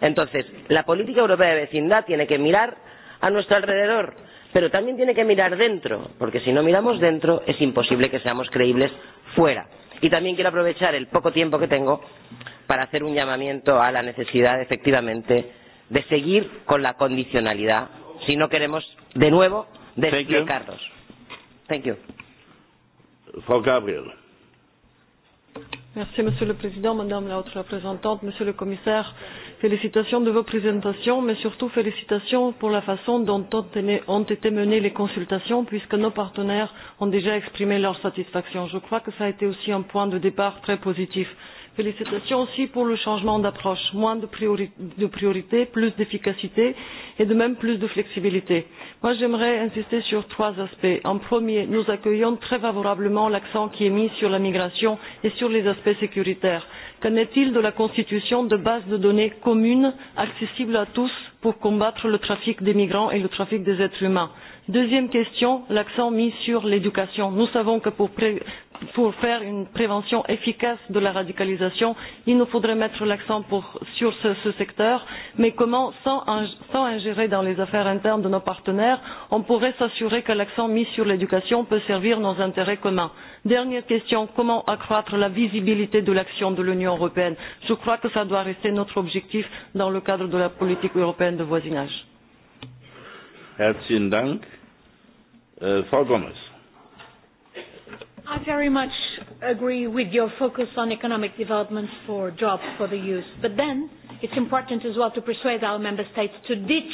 Entonces, la política europea de vecindad tiene que mirar a nuestro alrededor, pero también tiene que mirar dentro, porque si no miramos dentro es imposible que seamos creíbles fuera. Y también quiero aprovechar el poco tiempo que tengo para hacer un llamamiento a la necesidad, efectivamente, de seguir con la condicionalidad si no queremos, de nuevo, desplicarnos. Thank you. Frau Gabriel. Merci, Monsieur le Président, Madame la Haute Représentante, Monsieur le Commissaire. Félicitations de vos présentations, mais surtout félicitations pour la façon dont ont été menées les consultations, puisque nos partenaires ont déjà exprimé leur satisfaction. Je crois que ça a été aussi un point de départ très positif. Félicitations aussi pour le changement d'approche, moins de, priori de priorité, plus d'efficacité et de même plus de flexibilité. Moi, j'aimerais insister sur trois aspects. En premier, nous accueillons très favorablement l'accent qui est mis sur la migration et sur les aspects sécuritaires. Qu'en est-il de la constitution de bases de données communes accessibles à tous pour combattre le trafic des migrants et le trafic des êtres humains Deuxième question, l'accent mis sur l'éducation. Nous savons que pour pré pour faire une prévention efficace de la radicalisation, il nous faudrait mettre l'accent sur ce, ce secteur, mais comment, sans, sans ingérer dans les affaires internes de nos partenaires, on pourrait s'assurer que l'accent mis sur l'éducation peut servir nos intérêts communs. Dernière question, comment accroître la visibilité de l'action de l'Union européenne Je crois que ça doit rester notre objectif dans le cadre de la politique européenne de voisinage. Herzlichen Dank. Euh, Frau Gomez. I very much agree with your focus on economic development for jobs for the youth. But then it's important as well to persuade our member states to ditch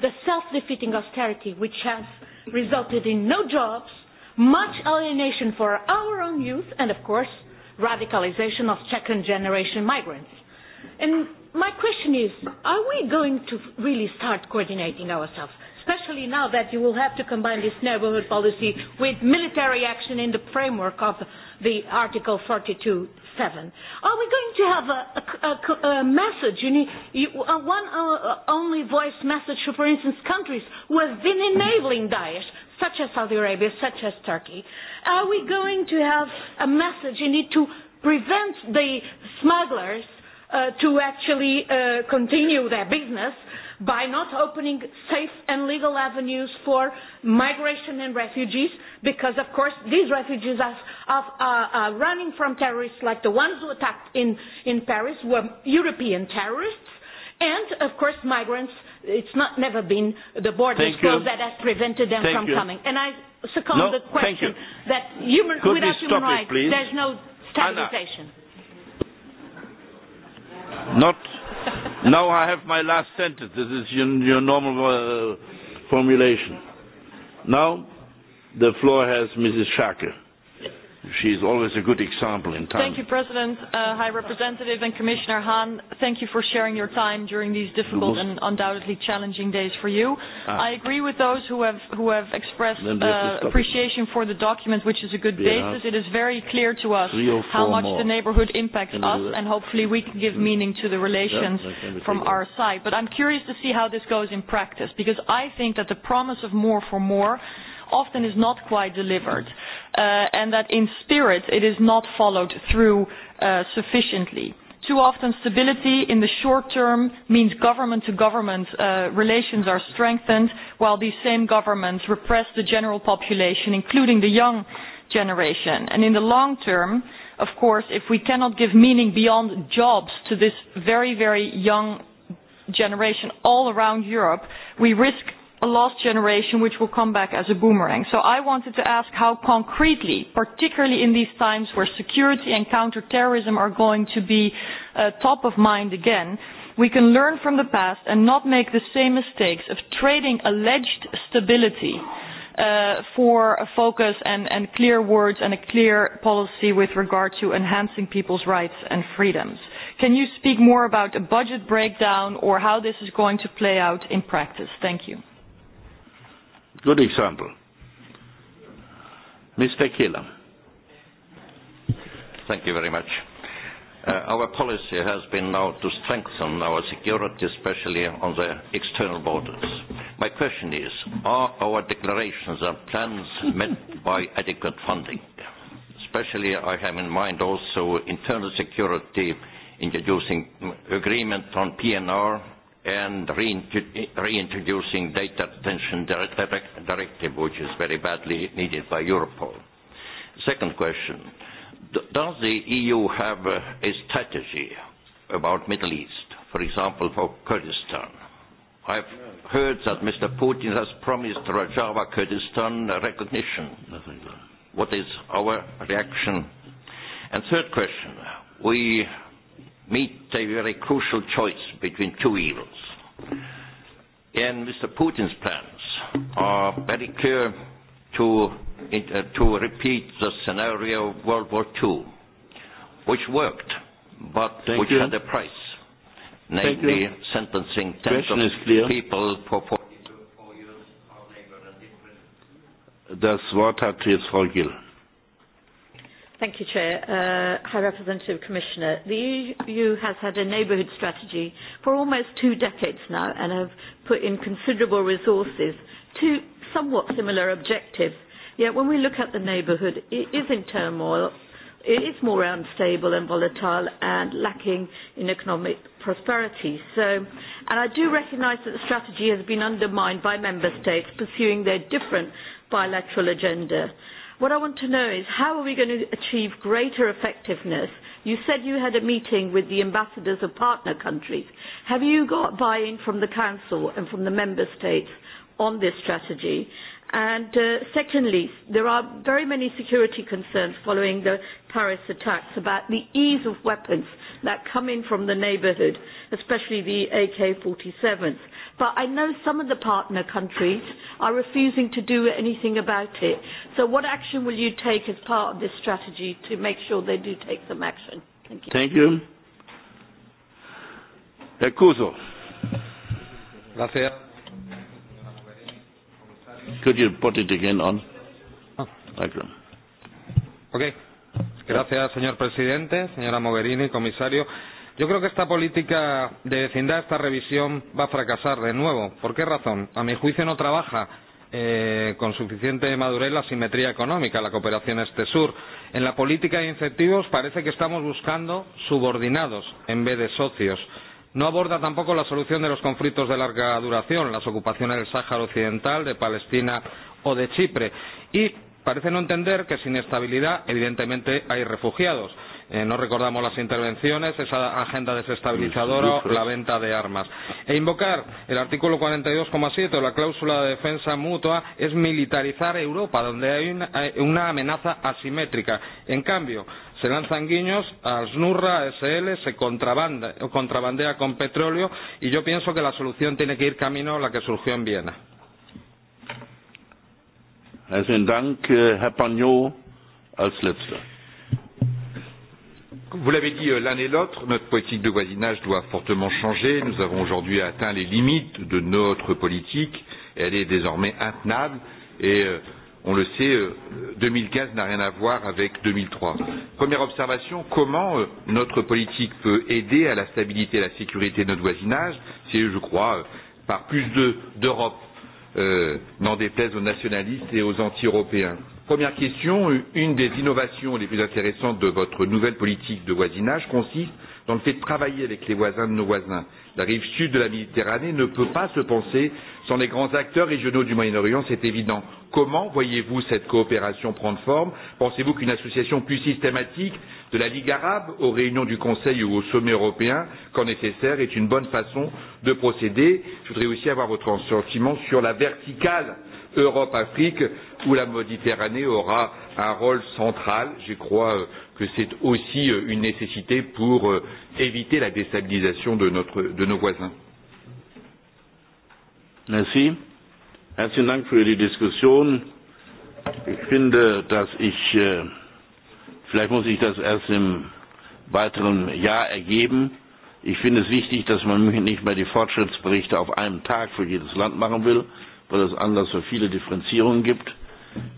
the self-defeating austerity which has resulted in no jobs, much alienation for our own youth, and of course, radicalization of second generation migrants. And my question is, are we going to really start coordinating ourselves? especially now that you will have to combine this neighbourhood policy with military action in the framework of the Article 42.7. seven. Are we going to have a, a, a, a message, you need, you, a one uh, only voice message for, for instance, countries who have been enabling Daesh, such as Saudi Arabia, such as Turkey? Are we going to have a message, you need to prevent the smugglers uh, to actually uh, continue their business? Uh, by not opening safe and legal avenues for migration and refugees, because of course these refugees are, are, are running from terrorists like the ones who attacked in, in Paris were European terrorists, and of course migrants it's not never been the borders closed that has prevented them thank from you. coming. And I second no, the question that human, without human rights, it, please? there's no stabilization. Anna. Not Now I have my last sentence. This is your, your normal uh, formulation. Now the floor has Mrs. Schacke. She is always a good example in time. Thank you, President, uh, High Representative, and Commissioner Hahn. Thank you for sharing your time during these difficult and undoubtedly challenging days for you. Ah. I agree with those who have, who have expressed uh, appreciation for the document, which is a good basis. It is very clear to us how much more. the neighborhood impacts us, and hopefully we can give hmm. meaning to the relations yeah, from our side. But I'm curious to see how this goes in practice, because I think that the promise of more for more often is not quite delivered uh, and that in spirit it is not followed through uh, sufficiently. Too often stability in the short term means government to government uh, relations are strengthened while these same governments repress the general population including the young generation and in the long term of course if we cannot give meaning beyond jobs to this very very young generation all around Europe we risk a lost generation which will come back as a boomerang. So I wanted to ask how concretely, particularly in these times where security and counterterrorism are going to be uh, top of mind again, we can learn from the past and not make the same mistakes of trading alleged stability uh, for a focus and, and clear words and a clear policy with regard to enhancing people's rights and freedoms. Can you speak more about a budget breakdown or how this is going to play out in practice? Thank you. Good example. Mr. Keeler. Thank you very much. Uh, our policy has been now to strengthen our security, especially on the external borders. My question is, are our declarations and plans met by adequate funding? Especially I have in mind also internal security, introducing agreement on PNR and reintroducing data retention directive, which is very badly needed by Europol. Second question, does the EU have a strategy about Middle East, for example, for Kurdistan? I've heard that Mr. Putin has promised Rojava Kurdistan recognition. What is our reaction? And third question, we meet a very crucial choice between two evils. And Mr. Putin's plans are very clear to, uh, to repeat the scenario of World War II, which worked, but Thank which you. had a price, namely sentencing tens of people for four. years. Das Wort hat jetzt Frau Gill. Thank you, Chair. Uh, High Representative Commissioner, the EU has had a neighbourhood strategy for almost two decades now and have put in considerable resources to somewhat similar objectives. Yet when we look at the neighbourhood, it is in turmoil, it is more unstable and volatile and lacking in economic prosperity. So, and I do recognise that the strategy has been undermined by member states pursuing their different bilateral agenda. What I want to know is how are we going to achieve greater effectiveness? You said you had a meeting with the ambassadors of partner countries. Have you got buy-in from the Council and from the Member States on this strategy? And uh, secondly, there are very many security concerns following the Paris attacks about the ease of weapons that come in from the neighbourhood, especially the AK-47s. But I know some of the partner countries are refusing to do anything about it. So what action will you take as part of this strategy to make sure they do take some action? Thank you. Thank you. Herr Kuso. Gracias. Could you put it again on? Ah. you. okay. Gracias, señor presidente, señora Mogherini, comisario. Yo creo que esta política de vecindad, esta revisión, va a fracasar de nuevo. ¿Por qué razón? A mi juicio no trabaja eh, con suficiente madurez la simetría económica, la cooperación este-sur. En la política de incentivos parece que estamos buscando subordinados en vez de socios. No aborda tampoco la solución de los conflictos de larga duración, las ocupaciones del Sáhara Occidental, de Palestina o de Chipre. Y parece no entender que sin estabilidad, evidentemente, hay refugiados. Eh, no recordamos las intervenciones, esa agenda desestabilizadora o la venta de armas. E invocar el artículo 42,7 o la cláusula de defensa mutua es militarizar Europa, donde hay una, eh, una amenaza asimétrica. En cambio, se lanzan guiños a SNURRA, a SL, se contrabanda, contrabandea con petróleo y yo pienso que la solución tiene que ir camino a la que surgió en Viena. Herzlichen Dank, eh, Herr Pagnot, als letzter. Vous l'avez dit euh, l'un et l'autre, notre politique de voisinage doit fortement changer. Nous avons aujourd'hui atteint les limites de notre politique. Elle est désormais intenable et euh, on le sait, 2015 euh, n'a rien à voir avec 2003. Première observation, comment euh, notre politique peut aider à la stabilité et à la sécurité de notre voisinage C'est, je crois, euh, par plus d'Europe, de, euh, n'en déplaise aux nationalistes et aux anti-européens. Première question, une des innovations les plus intéressantes de votre nouvelle politique de voisinage consiste dans le fait de travailler avec les voisins de nos voisins la rive sud de la Méditerranée ne peut pas se penser sans les grands acteurs régionaux du Moyen-Orient, c'est évident. Comment voyez-vous cette coopération prendre forme Pensez-vous qu'une association plus systématique de la Ligue arabe aux réunions du Conseil ou au sommet européen, quand nécessaire, est une bonne façon de procéder Je voudrais aussi avoir votre sentiment sur la verticale Europe-Afrique, où la Méditerranée aura un rôle central, je crois, euh, que c'est aussi euh, une nécessité pour euh, éviter la déstabilisation de, notre, de nos voisins. Merci. Herzlichen Dank für die Diskussion. Ich finde, dass ich, äh, vielleicht muss ich das erst im weiteren Jahr ergeben. Ich finde es wichtig, dass man nicht mehr die Fortschrittsberichte auf einem Tag für jedes Land machen will, weil es Anlass für viele Differenzierungen gibt.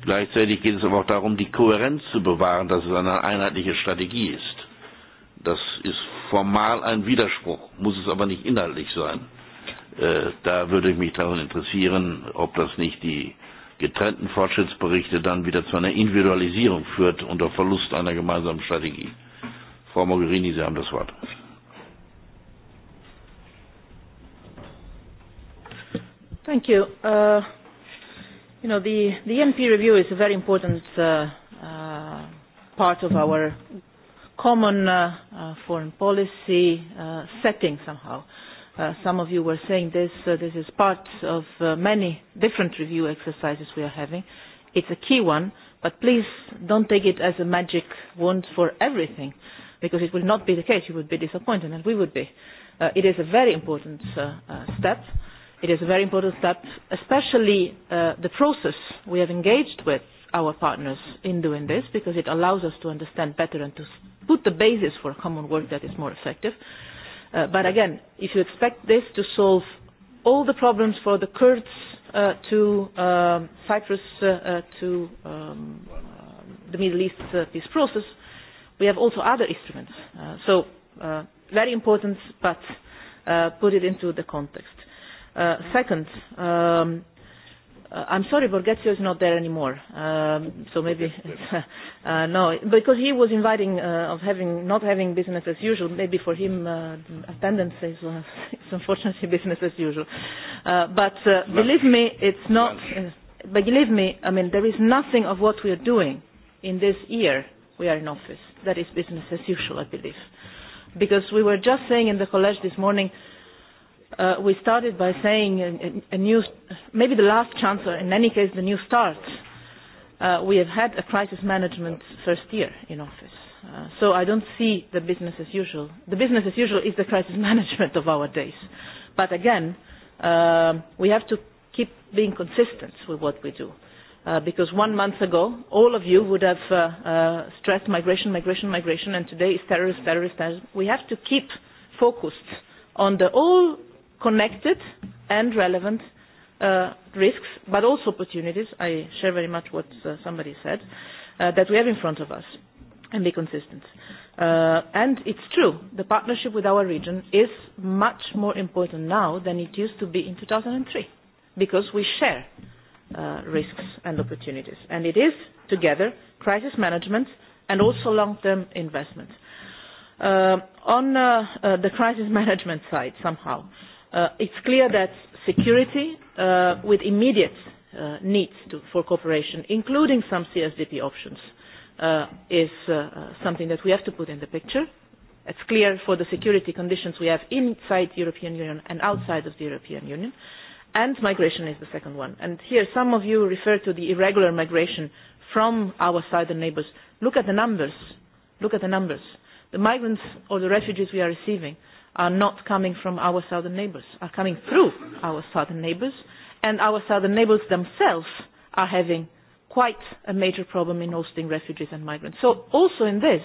Gleichzeitig geht es aber auch darum, die Kohärenz zu bewahren, dass es eine einheitliche Strategie ist. Das ist formal ein Widerspruch, muss es aber nicht inhaltlich sein. Äh, da würde ich mich daran interessieren, ob das nicht die getrennten Fortschrittsberichte dann wieder zu einer Individualisierung führt unter Verlust einer gemeinsamen Strategie. Frau Mogherini, Sie haben das Wort. Thank you. Uh... You know, the, the e NP review is a very important uh, uh, part of our common uh, uh, foreign policy uh, setting somehow. Uh, some of you were saying this. Uh, this is part of uh, many different review exercises we are having. It's a key one, but please don't take it as a magic wand for everything, because it will not be the case. You would be disappointed, and we would be. Uh, it is a very important uh, uh, step. Uh, it is a very important step, especially uh, the process we have engaged with our partners in doing this, because it allows us to understand better and to put the basis for a common work that is more effective. Uh, but again, if you expect this to solve all the problems for the Kurds uh, to um, Cyprus uh, uh, to um, uh, the Middle East uh, peace process, we have also other instruments. Uh, so uh, very important, but uh, put it into the context. Uh, second, um, uh, I'm sorry, Borghezio is not there anymore. Um, so maybe, uh, no, because he was inviting uh, of having not having business as usual. Maybe for him, uh, attendance is, uh, it's unfortunately business as usual. Uh, but uh, believe me, it's not. Uh, but believe me, I mean, there is nothing of what we are doing in this year we are in office that is business as usual, I believe, because we were just saying in the college this morning uh, we started by saying a, a new, maybe the last chance, or in any case, the new start. Uh, we have had a crisis management first year in office. Uh, so I don't see the business as usual. The business as usual is the crisis management of our days. But again, uh, we have to keep being consistent with what we do. Uh, because one month ago, all of you would have uh, uh, stressed migration, migration, migration, and today is terrorist, terrorist, terrorist. We have to keep focused on the all connected and relevant uh, risks, but also opportunities. I share very much what uh, somebody said, uh, that we have in front of us and be consistent. Uh, and it's true, the partnership with our region is much more important now than it used to be in 2003, because we share uh, risks and opportunities. And it is, together, crisis management and also long-term investment. Uh, on uh, uh, the crisis management side, somehow, uh, Uh, it's clear that security uh, with immediate uh, needs to, for cooperation, including some CSDP options, uh, is uh, something that we have to put in the picture. It's clear for the security conditions we have inside the European Union and outside of the European Union. And migration is the second one. And here some of you refer to the irregular migration from our southern neighbours. Look at the numbers. Look at the numbers. The migrants or the refugees we are receiving – are not coming from our southern neighbours, are coming through our southern neighbours, and our southern neighbours themselves are having quite a major problem in hosting refugees and migrants. So also in this,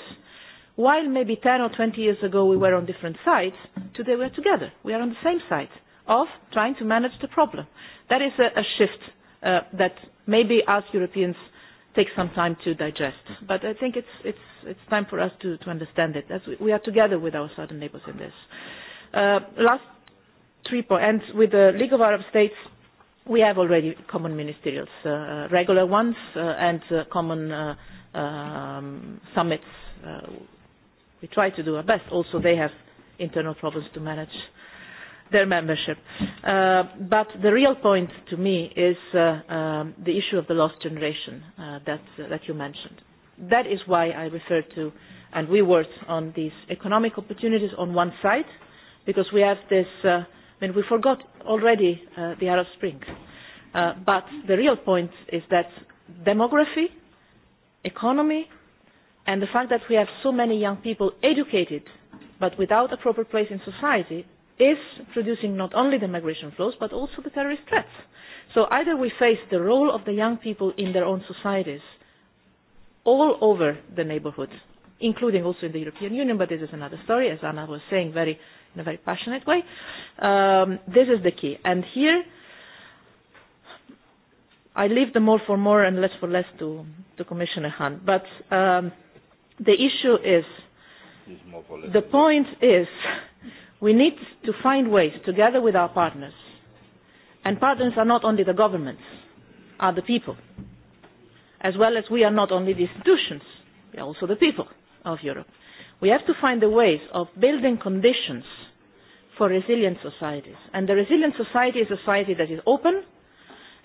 while maybe 10 or 20 years ago we were on different sides, today we are together. We are on the same side of trying to manage the problem. That is a, a shift uh, that maybe us Europeans takes some time to digest. Mm-hmm. But I think it's, it's, it's time for us to, to understand it, as we, we are together with our southern neighbors in this. Uh, last three points, and with the League of Arab States, we have already common ministerials, uh, regular ones, uh, and uh, common uh, um, summits. Uh, we try to do our best. Also, they have internal problems to manage. Uh, their membership. Uh, but the real point to me is uh, um, the issue of the lost generation uh, that, uh, that you mentioned. That is why I referred to and we worked on these economic opportunities on one side because we have this, uh, I mean, we forgot already uh, the Arab Spring. Uh, but the real point is that demography, economy, and the fact that we have so many young people educated but without a proper place in society is producing not only the migration flows but also the terrorist threats. So either we face the role of the young people in their own societies all over the neighbourhood, including also in the European Union, but this is another story, as Anna was saying very, in a very passionate way. Um, this is the key. And here, I leave the more for more and less for less to, to Commissioner Hahn. But um, the issue is, the point is, We need to find ways, together with our partners, and partners are not only the governments, are the people, as well as we are not only the institutions, we are also the people of Europe. We have to find the ways of building conditions for resilient societies. And the resilient society is a society that is open,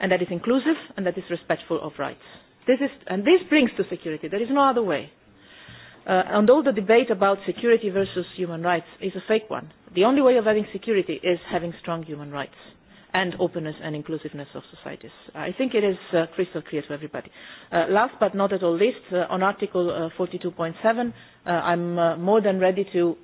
and that is inclusive, and that is respectful of rights. This is, and this brings to security. There is no other way. Uh, and all the debate about security versus human rights is a fake one. The only way of having security is having strong human rights and openness and inclusiveness of societies. I think it is uh, crystal clear to everybody. Uh, last but not at all least, uh, on Article uh, 42.7, uh, I'm uh, more than ready to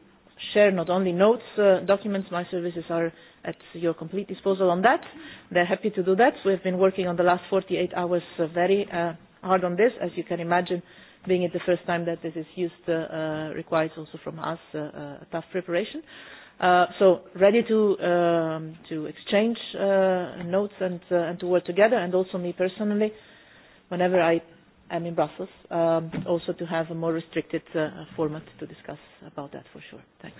share not only notes, uh, documents, my services are at your complete disposal on that. They're happy to do that. We've been working on the last 48 hours uh, very uh, hard on this, as you can imagine being it the first time that this is used uh, uh, requires also from us uh, uh, tough preparation. Uh, so ready to um, to exchange uh, notes and uh, and to work together, and also me personally, whenever I am in Brussels, um, also to have a more restricted uh, format to discuss about that for sure. Thanks.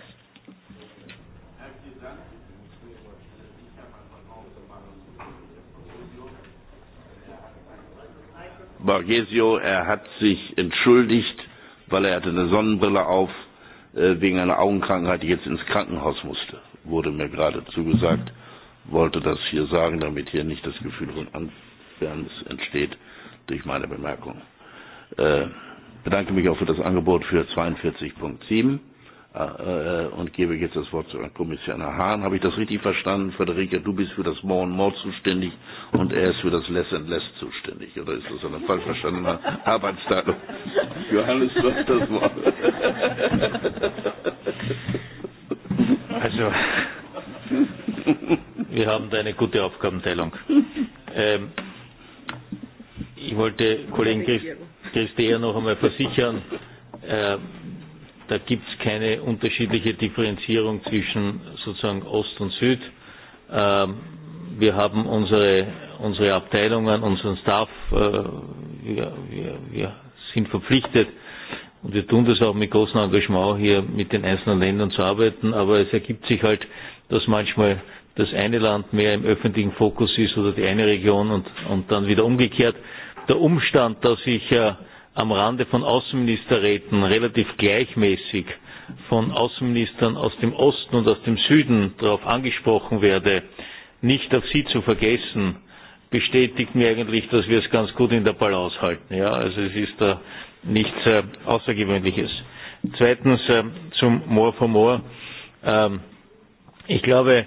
Borghesio, er hat sich entschuldigt, weil er hatte eine Sonnenbrille auf, äh, wegen einer Augenkrankheit, die jetzt ins Krankenhaus musste, wurde mir gerade zugesagt. Wollte das hier sagen, damit hier nicht das Gefühl von Anfernnis entsteht durch meine Bemerkung. Äh, bedanke mich auch für das Angebot für 42.7 Äh, äh, und gebe jetzt das Wort zu Herrn Kommissar Hahn. Habe ich das richtig verstanden? Frederike, du bist für das More and More zuständig und er ist für das Less and Less zuständig. Oder ist das eine falsch verstandene Arbeitsteilung? Johannes, du hast das Wort. Also, wir haben da eine gute Aufgabenteilung. Ähm, ich wollte Kollegen Christian noch einmal versichern, äh, Da gibt es keine unterschiedliche Differenzierung zwischen sozusagen Ost und Süd. Ähm, wir haben unsere, unsere Abteilungen, unseren Staff. Äh, wir, wir, wir sind verpflichtet und wir tun das auch mit großem Engagement hier mit den einzelnen Ländern zu arbeiten. Aber es ergibt sich halt, dass manchmal das eine Land mehr im öffentlichen Fokus ist oder die eine Region und, und dann wieder umgekehrt. Der Umstand, dass ich äh, am Rande von Außenministerräten relativ gleichmäßig von Außenministern aus dem Osten und aus dem Süden darauf angesprochen werde, nicht auf sie zu vergessen, bestätigt mir eigentlich, dass wir es ganz gut in der Balance halten. Ja, also es ist da nichts äh, Außergewöhnliches. Zweitens äh, zum More for More. Ähm, ich glaube,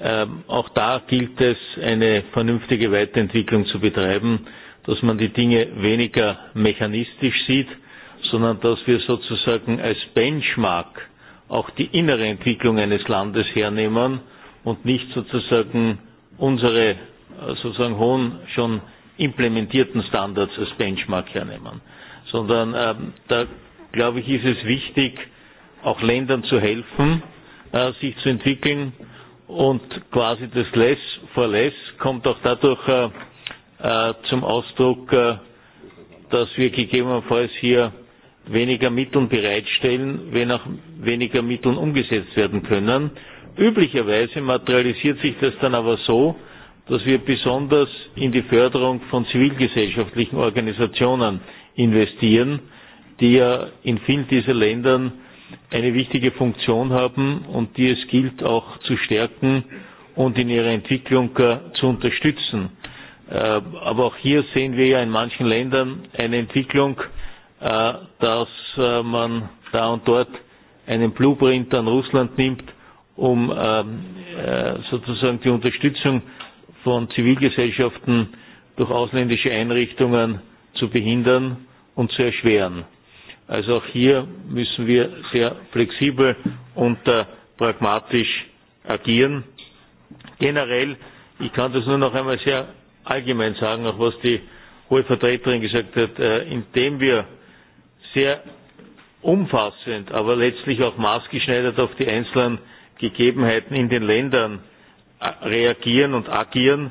ähm, auch da gilt es, eine vernünftige Weiterentwicklung zu betreiben dass man die Dinge weniger mechanistisch sieht, sondern dass wir sozusagen als Benchmark auch die innere Entwicklung eines Landes hernehmen und nicht sozusagen unsere äh, sozusagen hohen schon implementierten Standards als Benchmark hernehmen, sondern ähm, da glaube ich, ist es wichtig, auch Ländern zu helfen, äh, sich zu entwickeln und quasi das Less for Less kommt auch dadurch äh, äh, zum Ausdruck, äh, dass wir gegebenenfalls hier weniger Mittel bereitstellen, wenn auch weniger Mittel umgesetzt werden können. Üblicherweise materialisiert sich das dann aber so, dass wir besonders in die Förderung von zivilgesellschaftlichen Organisationen investieren, die ja in vielen dieser Ländern eine wichtige Funktion haben und die es gilt auch zu stärken und in ihrer Entwicklung äh, zu unterstützen. Äh, aber auch hier sehen wir ja in manchen Ländern eine Entwicklung, äh, dass äh, man da und dort einen Blueprint an Russland nimmt, um ähm, sozusagen die Unterstützung von Zivilgesellschaften durch ausländische Einrichtungen zu behindern und zu erschweren. Also auch hier müssen wir sehr flexibel und pragmatisch agieren. Generell, ich kann das nur noch einmal sehr allgemein sagen, auch was die hohe Vertreterin gesagt hat, äh, indem wir sehr umfassend, aber letztlich auch maßgeschneidert auf die einzelnen Gegebenheiten in den Ländern äh, reagieren und agieren,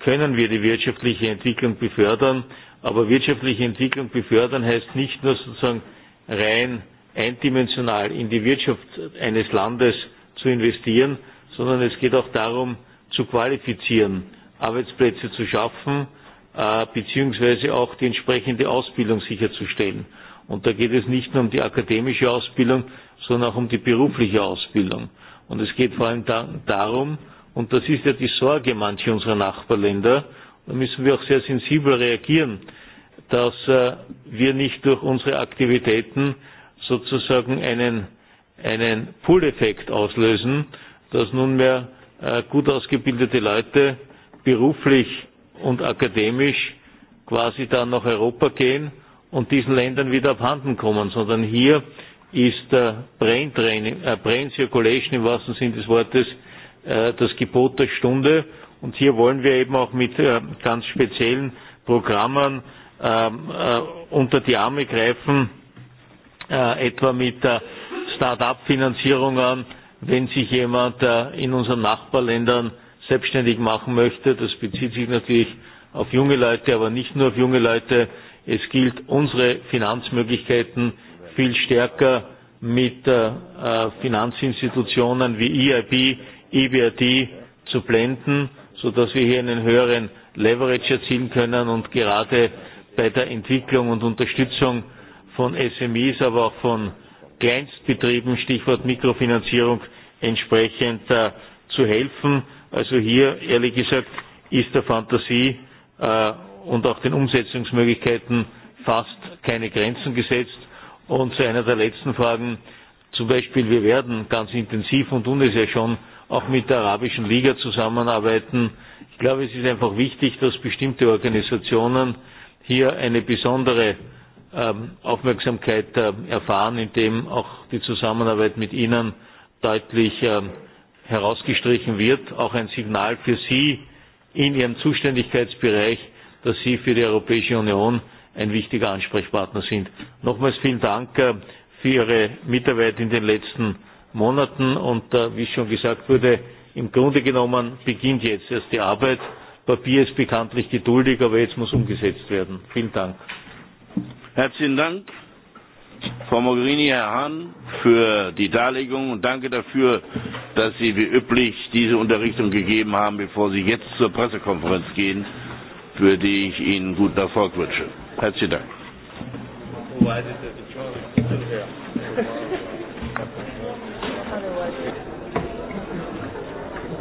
können wir die wirtschaftliche Entwicklung befördern. Aber wirtschaftliche Entwicklung befördern heißt nicht nur sozusagen rein eindimensional in die Wirtschaft eines Landes zu investieren, sondern es geht auch darum, zu qualifizieren Arbeitsplätze zu schaffen, äh, beziehungsweise auch die entsprechende Ausbildung sicherzustellen. Und da geht es nicht nur um die akademische Ausbildung, sondern auch um die berufliche Ausbildung. Und es geht vor allem da darum, und das ist ja die Sorge mancher unserer Nachbarländer, da müssen wir auch sehr sensibel reagieren, dass äh, wir nicht durch unsere Aktivitäten sozusagen einen, einen Pull-Effekt auslösen, dass nunmehr äh, gut ausgebildete Leute beruflich und akademisch quasi dann nach Europa gehen und diesen Ländern wieder abhanden kommen, sondern hier ist der äh, Brain, Training, äh, Brain Circulation im wahrsten Sinne des Wortes äh, das Gebot der Stunde. Und hier wollen wir eben auch mit äh, ganz speziellen Programmen äh, äh, unter die Arme greifen, äh, etwa mit äh, Start-up-Finanzierungen, wenn sich jemand äh, in unseren Nachbarländern selbstständig machen möchte. Das bezieht sich natürlich auf junge Leute, aber nicht nur auf junge Leute. Es gilt, unsere Finanzmöglichkeiten viel stärker mit äh, Finanzinstitutionen wie EIB, e EBRD zu blenden, sodass wir hier einen höheren Leverage erzielen können und gerade bei der Entwicklung und Unterstützung von SMEs, aber auch von Kleinstbetrieben, Stichwort Mikrofinanzierung, entsprechend äh, zu helfen. Also hier, ehrlich gesagt, ist der Fantasie äh, und auch den Umsetzungsmöglichkeiten fast keine Grenzen gesetzt. Und zu einer der letzten Fragen, zum Beispiel, wir werden ganz intensiv und tun es ja schon auch mit der Arabischen Liga zusammenarbeiten. Ich glaube, es ist einfach wichtig, dass bestimmte Organisationen hier eine besondere ähm, Aufmerksamkeit äh, erfahren, indem auch die Zusammenarbeit mit ihnen deutlich ähm, herausgestrichen wird, auch ein Signal für Sie in Ihrem Zuständigkeitsbereich, dass Sie für die Europäische Union ein wichtiger Ansprechpartner sind. Nochmals vielen Dank äh, für Ihre Mitarbeit in den letzten Monaten und äh, wie schon gesagt wurde, im Grunde genommen beginnt jetzt erst die Arbeit. Papier ist bekanntlich geduldig, aber jetzt muss umgesetzt werden. Vielen Dank. Herzlichen Dank. Frau Mogherini, Herr Hahn, für die Darlegung und danke dafür, dass Sie wie üblich diese Unterrichtung gegeben haben, bevor Sie jetzt zur Pressekonferenz gehen, für die ich Ihnen guten Erfolg wünsche. Herzlichen Dank.